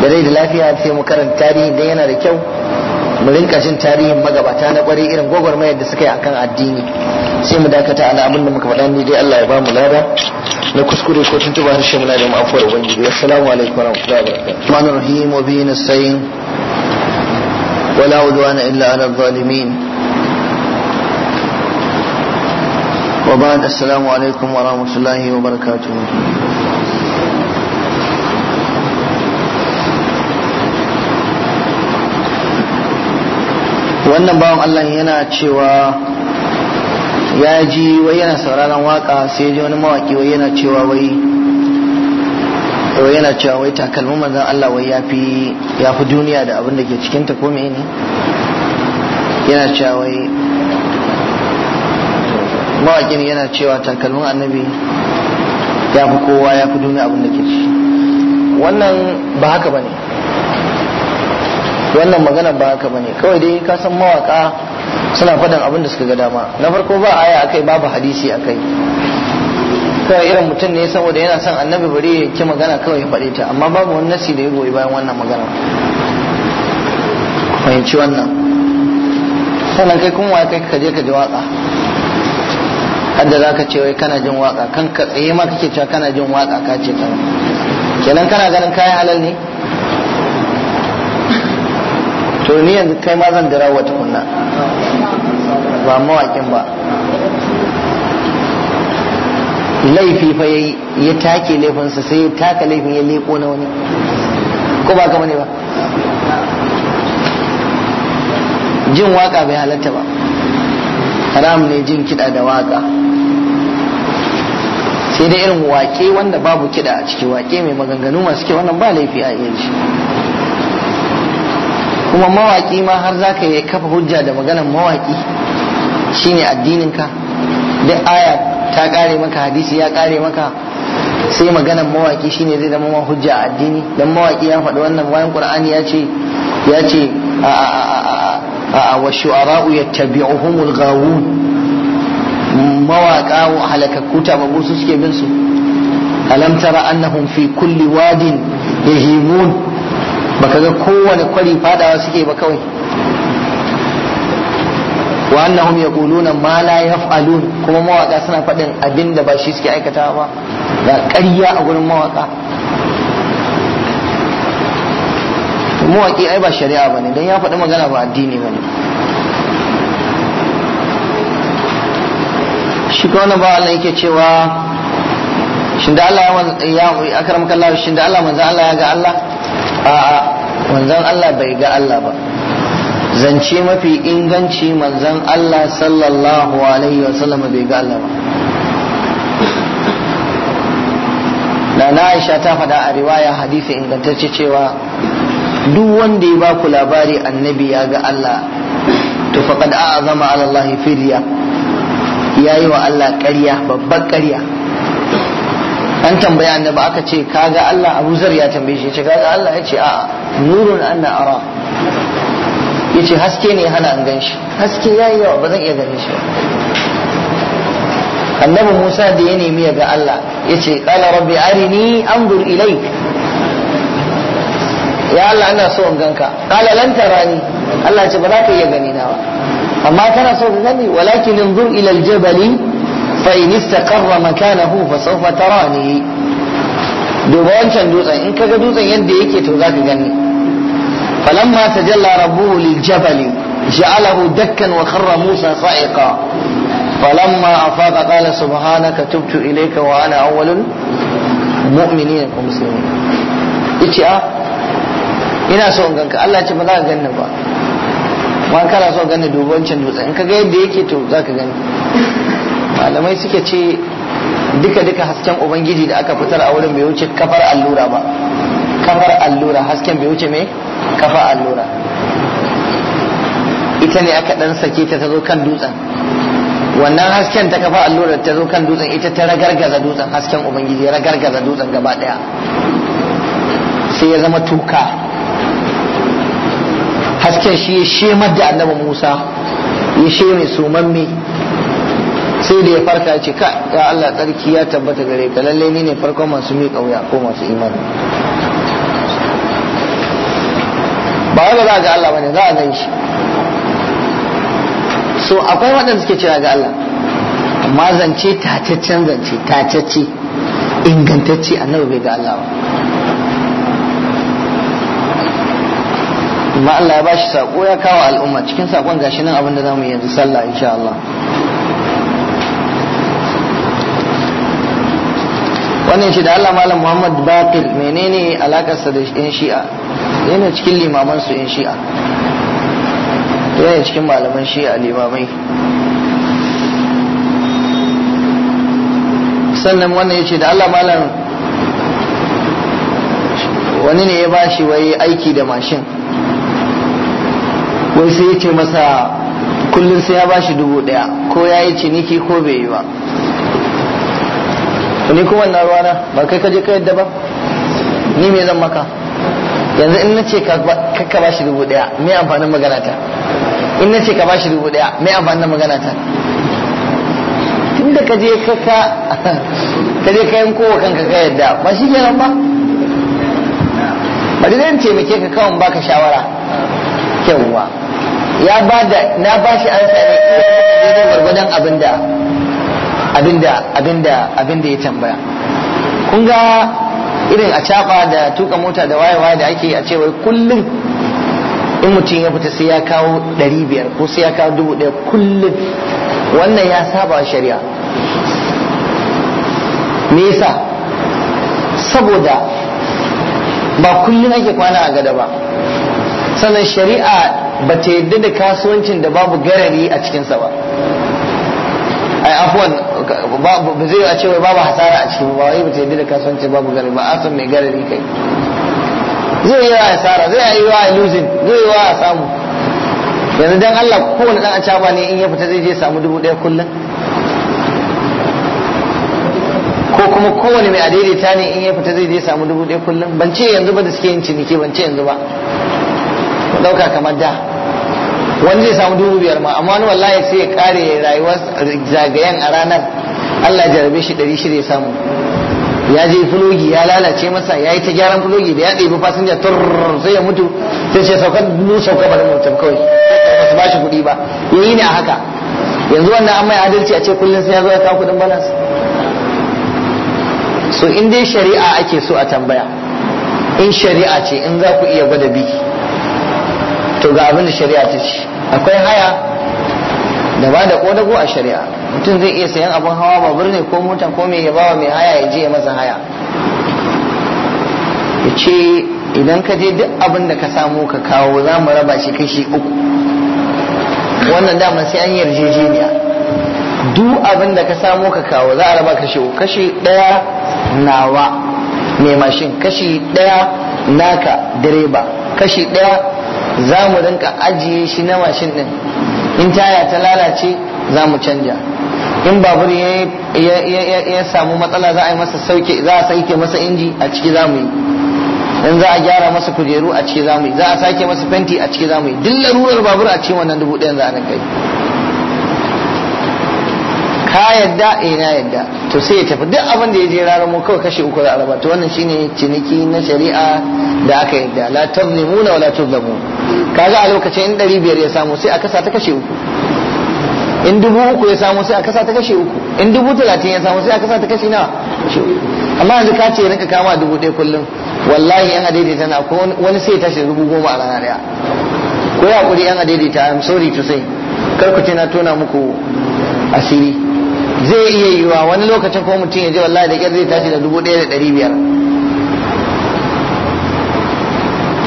Speaker 1: da rai da lafiya sai mu karanta tarihi dan yana da kyau mu rinka jin tarihin magabata na kwarai irin gwagwarmayar da suka yi akan addini sai mu dakata ala abin da muka faɗa ni dai Allah ya ba mu lada na kuskure ko tuntuba harshe muna da ma'afuwar ubangiji assalamu alaikum warahmatullahi wabarakatuh rahmanir rahim wa bihi nasta'in ولا عدوان إلا على الظالمين وبعد السلام عليكم ورحمة الله وبركاته wannan bawan Allah yana cewa ya ji wai yana sauraron waka sai ji wani mawaki wai yana cewa wai wai yana cewa wai takalmin manzon Allah wai ya fi duniya da abin da ke cikinta ko ne yana cewa wai mawaƙin yana cewa takalmin annabi ya fi kowa ya fi duniya abin da ke ci wannan ba haka ba ne wannan magana ba haka ba ne kawai dai ka san mawaƙa suna faɗin abin da suka ga dama na farko ba aya akai babu hadisi akai kawai irin mutum ne saboda yana son annabi bari ya ki magana kawai ya faɗe ta amma babu wani nasi da ya goyi bayan wannan magana fahimci wannan sannan kai kuma kai ka je ka ji waka hadda ka ce wai kana jin waka kan ka tsaye ma kake cewa kana jin waka ka ce kan kenan kana ganin kayan halal ne to ni yanzu kai ma zan dira wata kunna ba mawakin ba laifi fa yayi ya take laifinsa sai ya taka laifin ya leko na wani ko ba kama ne ba jin waka bai halatta ba haram ne jin kiɗa da waka sai dai irin wake wanda babu kiɗa a ciki wake mai maganganu masu kyau wannan ba laifi a iya shi kuma mawaki ma har za ka kafa hujja da maganan mawaki shine addininka duk aya ta kare maka hadisi ya kare maka sai maganan mawaki shine zai zama ma hujja a addini dan mawaki ya faɗi wannan bayan qur'ani ya ce ya ce a a a a a a a mawaka wa halakakku tababbu su suke bin su alam tara annahum fi kulli wadin yahimun baka ga kowane kwari fadawa suke ba kawai wa annahum yaquluna ma la yaf'alun kuma mawaka suna faɗin abinda ba shi suke aikatawa ba ga ƙarya a gurin mawaka mawaki ai ba shari'a bane don ya faɗi magana ba addini bane shi ko wani ba Allah yake cewa shin da Allah ya akaram kallah shin da Allah manzan Allah ya ga Allah a'a manzan Allah bai ga Allah ba zance mafi inganci manzan Allah sallallahu alaihi wa sallam bai ga Allah ba da na Aisha ta faɗa a riwaya hadisi ingantacce cewa duk wanda ya baku labari annabi ya ga Allah to faqad a'azama ala Allah riya. ya yi wa Allah ƙarya babbar ƙarya an tambaya ba aka ce kaga Allah Abu Zar ya tambaye shi ce kaga Allah ya ce a'a nurun na ara yace haske ne hana an gan shi haske yayi yawa ba zan iya ganin shi annabi Musa da ya nemi ya ga Allah yace kala rabbi arini anzur ilaik ya Allah ana so in ganka kala lan tarani Allah ya ce ba za ka iya gani na ba amma kana so ka gani walakin انظر الى الجبل فإن استقر مكانه فسوف تراني duba wancan dutsen in kaga dutsen yadda yake to za ka gani falamma tajalla rabbuhu jabali ja'alahu dakkan wa kharra musa sa'iqa falamma afaqa qala subhanaka tubtu ilayka wa ana awwalul mu'minin wa muslimin ah, ina so in Allah ce ba za ka ganni ba ma kana so gane dubancin dutse in kaga yadda yake to za ka gani malamai suka ce duka duka hasken ubangiji da aka fitar a wurin bai wuce kafar allura ba kafar allura hasken bai wuce me kafa allura ita ne aka dan sake ta ta zo kan dutsen wannan hasken ta kafa allura ta zo kan dutsen ita ta ragargaza dutsen hasken ubangiji ragargaza dutsen gaba daya sai ya zama tuka haske shi ya shemar da annabi Musa ya sheme sumamme sai da ya farka ya ce ka ya Allah tsarki ya tabbata gare ka lalle ni ne farkon masu mi kauya ko masu imani ba wanda za a ga Allah bane za a gan shi so akwai waɗanda suke cewa ga Allah amma zance tataccen zance tatacce ingantacce annabi bai ga Allah ba kuma Allah ya bashi sako ya kawo al'umma cikin sakon gashi nan abinda za mu yi yanzu sallah insha Allah wannan shi da Allah malam Muhammad Bakir menene alakarsa da yan shi'a yana cikin limaman su yan shi'a yana cikin malaman shi'a limamai sannan wannan yace da Allah malam wani ne ya bashi wai aiki da mashin wai sai ya ce masa kullum sai ya bashi dubu daya ko ya yi ciniki ko bai yi ba ni kuma na ruwana ba kai ka je ka yadda ba ni me zan maka yanzu in na ce ka bashi dubu daya mai amfanin magana ta in na ce ka bashi dubu daya mai amfanin magana ta tun da ka je ka ka je ka yanko wa kanka ka yadda ba shi kenan ba ba dai zan ce ka kawai baka shawara yawwa ya ba da na ba shi an sami daidai gwargwadon abinda abinda abinda abinda ya tambaya kun ga irin a cafa da tuka mota da wayewa da ake a cewa kullum in mutum ya fita sai ya kawo 500 ko sai ya kawo 1000 kullum wannan ya saba shari'a me saboda ba kullum ake kwana a gada ba sannan shari'a ba ta yadda da kasuwancin da babu garari a cikinsa ba ai afuwan ba zai a cewa babu hasara a cikin ba wai ba ta yadda da kasuwancin babu garari ba asan mai garari kai zai yi wa hasara zai yi wa losing zai yi wa samu yanzu dan Allah kowane dan acaba ne in ya fita zai je samu dubu daya kullum ko kuma kowane mai adaidaita ne in ya fita zai je samu dubu daya kullum ban ce yanzu ba da suke yin ciniki ban ce yanzu ba dauka kamar da wani zai samu dubu biyar ma amma wani wallahi sai ya kare rayuwar zagayen a ranar Allah jarabe shi dari shida ya samu ya je fulogi ya lalace masa ya yi ta gyaran fulogi da ya ɗebi fasinja tur sai ya mutu sai ce sauka mu sauka bari mutum kawai ba su ba shi kuɗi ba ya yi ne a haka yanzu wannan an mai adalci a ce kullum sai ya zo ya kawo kuɗin balas so in dai shari'a ake so a tambaya in shari'a ce in za ku iya gwada biki to ga abin da shari'a ta ce akwai haya da ba da kodago a shari'a mutum zai iya sayan abin hawa babur birni ko mota ko mai yabawa mai haya ya je ya masa haya ya ce idan ka je duk abin da ka samu ka kawo za mu raba shi kashi uku wannan dama sai an yarjejeniya duk abin da ka samu ka kawo za a raba kashi uku kashi ɗaya nawa mai mashin kashi ɗaya naka direba kashi ɗaya za mu rinka ajiye shi na mashin din in taya ta lalace za mu canja in babur ya samu matsala za a yi masa sauke za a sauke masa inji a ciki za mu yi in za a gyara masa kujeru a ciki za mu yi za a sake masa fenti a ciki za mu yi duk larurar babur a cikin wannan dubu ɗayan za a yi. ka yadda eh na yadda to sai ya tafi duk abin da ya je rarar mu kawai kashi uku za a raba to wannan shine ciniki na shari'a da aka yadda la tazlimuna wala tuzlamu kaga a lokacin in 500 ya samu sai a kasa ta kashi uku in dubu uku ya samu sai a kasa ta kashi uku in dubu talatin ya samu sai a kasa ta kashi na amma yanzu ka ce rinka kama dubu ɗaya kullum wallahi yan adaidaita na ko wani sai ya tashi dubu goma a rana ɗaya ko ya kuri yan adaidaita I'm sorry to say kar ku ce na tona muku asiri zai iya yiwa wani lokacin ko mutum ya ji wallahi da kyar zai tashi da dubu ɗaya da ɗari biyar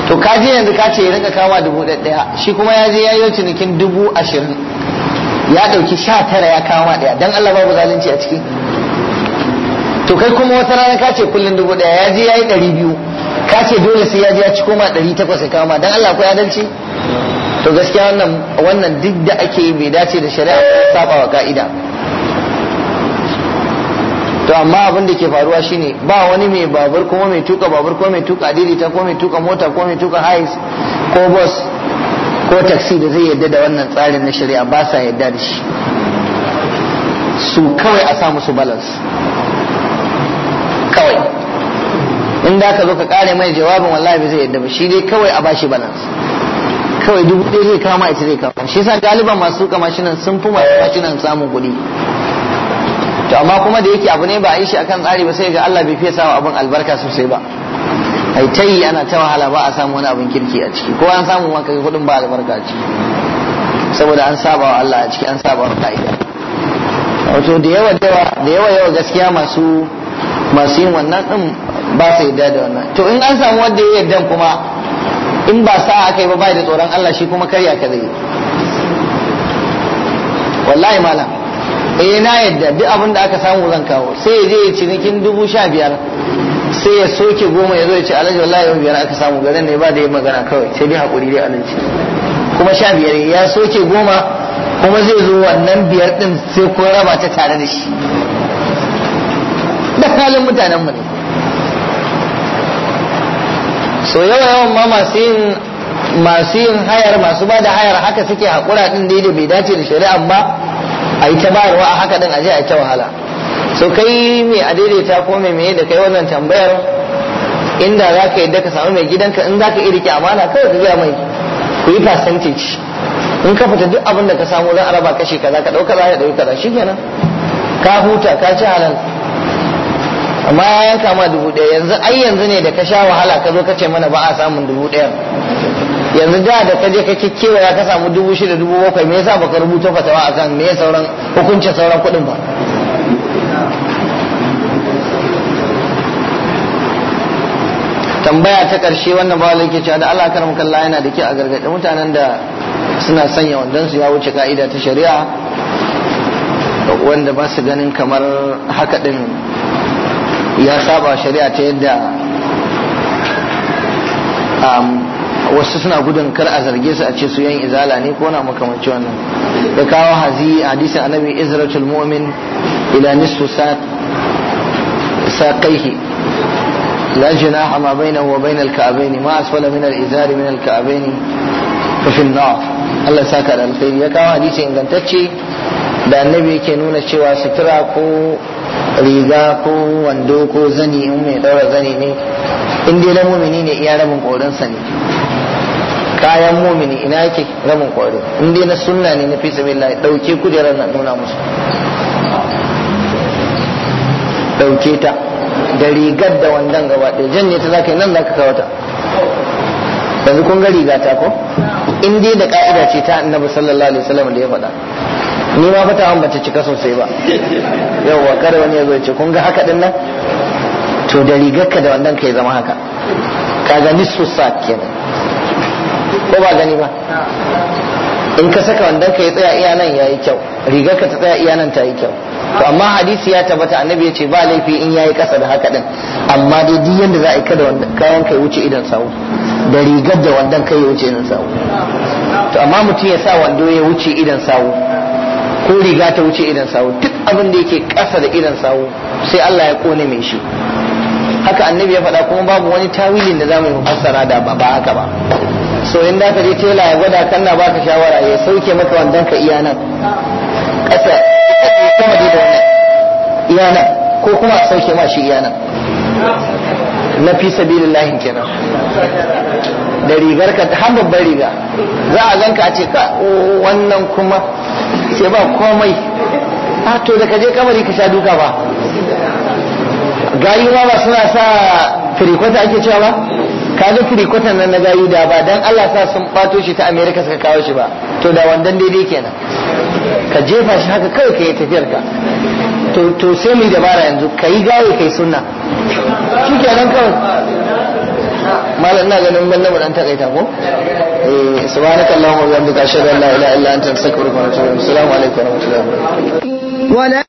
Speaker 1: to ka je yanzu ka ce ya rinka kama dubu ɗaya shi kuma ya je ya yi cinikin dubu ashirin ya ɗauki sha tara ya kama ɗaya don Allah babu zalunci a ciki to kai kuma wata rana ka ce kullum dubu ɗaya ya je ya yi ɗari biyu ka ce dole sai ya je ya ci koma ɗari takwas ya kama don Allah ko adalci to gaskiya wannan wannan duk da ake yi bai dace da shari'a saba wa ka'ida to amma abin da ke faruwa shine ba wani mai babur kuma mai tuka babur ko mai tuka adirita ko mai tuka mota ko mai tuka hais ko bus ko taxi da zai yadda da wannan tsarin na shari'a ba sa yadda da shi su kawai a sa musu balance kawai in da ka zo ka kare mai jawabin wallahi zai yadda ba shi dai kawai a bashi balance kawai dubu ɗaya zai kama ita zai kama shi sa galiban masu kama mashinan sun fi masu mashinan samun kuɗi to amma kuma da yake abu ne ba a yi shi akan tsari ba sai ga Allah bai fiye wa abin albarka sosai ba ai tai ana ta wahala ba a samu wani abin kirki a ciki ko an samu ma kaga kudin ba albarka a ciki saboda an saba wa Allah a ciki an saba wa ka'ida wato da yawa da yawa yawa gaskiya masu masu yin wannan din ba su yadda da wannan to in an samu wanda ya yarda kuma in ba sa aka yi ba bai da tsoron Allah shi kuma karya ka zai wallahi malam eh na yadda duk abin da aka samu zan kawo sai ya je ya cinikin dubu sha biyar sai ya soke goma ya zo ya ce alhaji wallahi yau biyar aka samu garin ne ba da yin magana kawai sai dai hakuri dai alhaji kuma sha biyar ya soke goma kuma zai zo wannan biyar din sai ko raba ta tare da shi da halin mutanen mu ne so yawa yawan ma masu yin masu yin hayar masu ba da hayar haka suke haƙura din da bai dace da shari'a ba a yi ta bayarwa a haka din aje a yi ta wahala so kai mai adaidaita ko mai meye da kai wannan tambayar inda za ka yadda ka samu mai gidanka in za ka yi rike amana kawai ka gaya mai ku yi percentage in ka fita duk abin da ka samu zan araba kashi kaza ka ɗauka za ka ɗauka kaza kenan ka huta ka ci halal amma ya yanka ma dubu ɗaya yanzu ai yanzu ne da ka sha wahala ka zo ka ce mana ba a samun dubu ɗaya yanzu da da ka je ka ya ka samu dubu shida dubu bakwai me yasa baka rubuta fatawa akan me sauran hukuncin sauran kuɗin ba tambaya ta karshe wannan ba ke cewa da Allah karamu kalla yana da kyau a gargaɗi mutanen da suna sanya wandon su ya wuce ka'ida ta shari'a wanda ba su ganin kamar haka ɗin ya saba shari'a ta yadda um, wasu suna gudun kar a zarge su a ce su yan izala ne ko na makamanci wannan da kawo hazi hadisin annabi izratul mu'min ila nisfu saqaihi na جناح ما ma وبين الكعبين ما أسفل من minar من الكعبين ففي النار Allah saka da alkhairi ya kawo hadisi ingantacce da annabi yake nuna cewa sutura ko riga ko wando ko zani in mai daura zani ne in dai na mumini ne iya rabin korinsa ne kayan mumini ina yake ramin kwaro inda na sunna ne na fi lai dauke kujerar na nuna musu dauke ta da rigar da wandan gaba ɗaya janye ta zaka nan zaka kawo ta yanzu kun ga riga ta ko in dai da ka'ida ce ta annabi sallallahu alaihi wasallam da ya faɗa ni ma fata an bata cika sosai ba yawwa kada wani ya zo ya ce kun ga haka din nan to da rigar ka da wandan ka zama haka kaga nisfu sa kenan ko ba gani ba in ka saka wandon ka ya tsaya iya nan yi kyau rigar ka ta tsaya iya nan ta yi kyau to amma hadisi ya tabbata annabi ya ce ba laifi in yayi kasa da haka din amma dai duk yanda za a yi kada kayan ka ya wuce idan sawu da rigar da wandon ka ya wuce idan sawu to amma mutum ya sa wando ya wuce idan sawu ko riga ta wuce idan sawu duk abin da yake kasa da idan sawu sai Allah ya kone mai shi haka annabi ya faɗa kuma babu wani tawilin da za mu yi fassara da ba haka ba so in da ka je tela ya gwada kan na baka shawara ya sauke maka wandan ka iya nan ƙasa ita ce sama da wannan iya nan ko kuma a sauke ma shi iya nan na fi sabilillahi kenan da rigar ka har babbar riga za a ganka a ce ka wannan kuma sai ba komai a ah, to da ka je kamari ka sha duka ba gayu ma ba suna sa firikwata ake cewa ba kaga firikwatan nan na gayu da ba dan Allah sa sun bato shi ta America suka kawo shi ba to da wandan daidai kenan ka jefa shi haka kawai ka yi tafiyar ka to to sai mu dabara yanzu ka yi gaye kai sunna
Speaker 2: shi kenan kawai malam ina
Speaker 1: ganin ban na dan takaita ko
Speaker 2: eh subhanakallahumma wa bihamdika ashhadu an la ilaha illa anta astaghfiruka wa atubu ilaik assalamu alaikum wa rahmatullahi wa barakatuh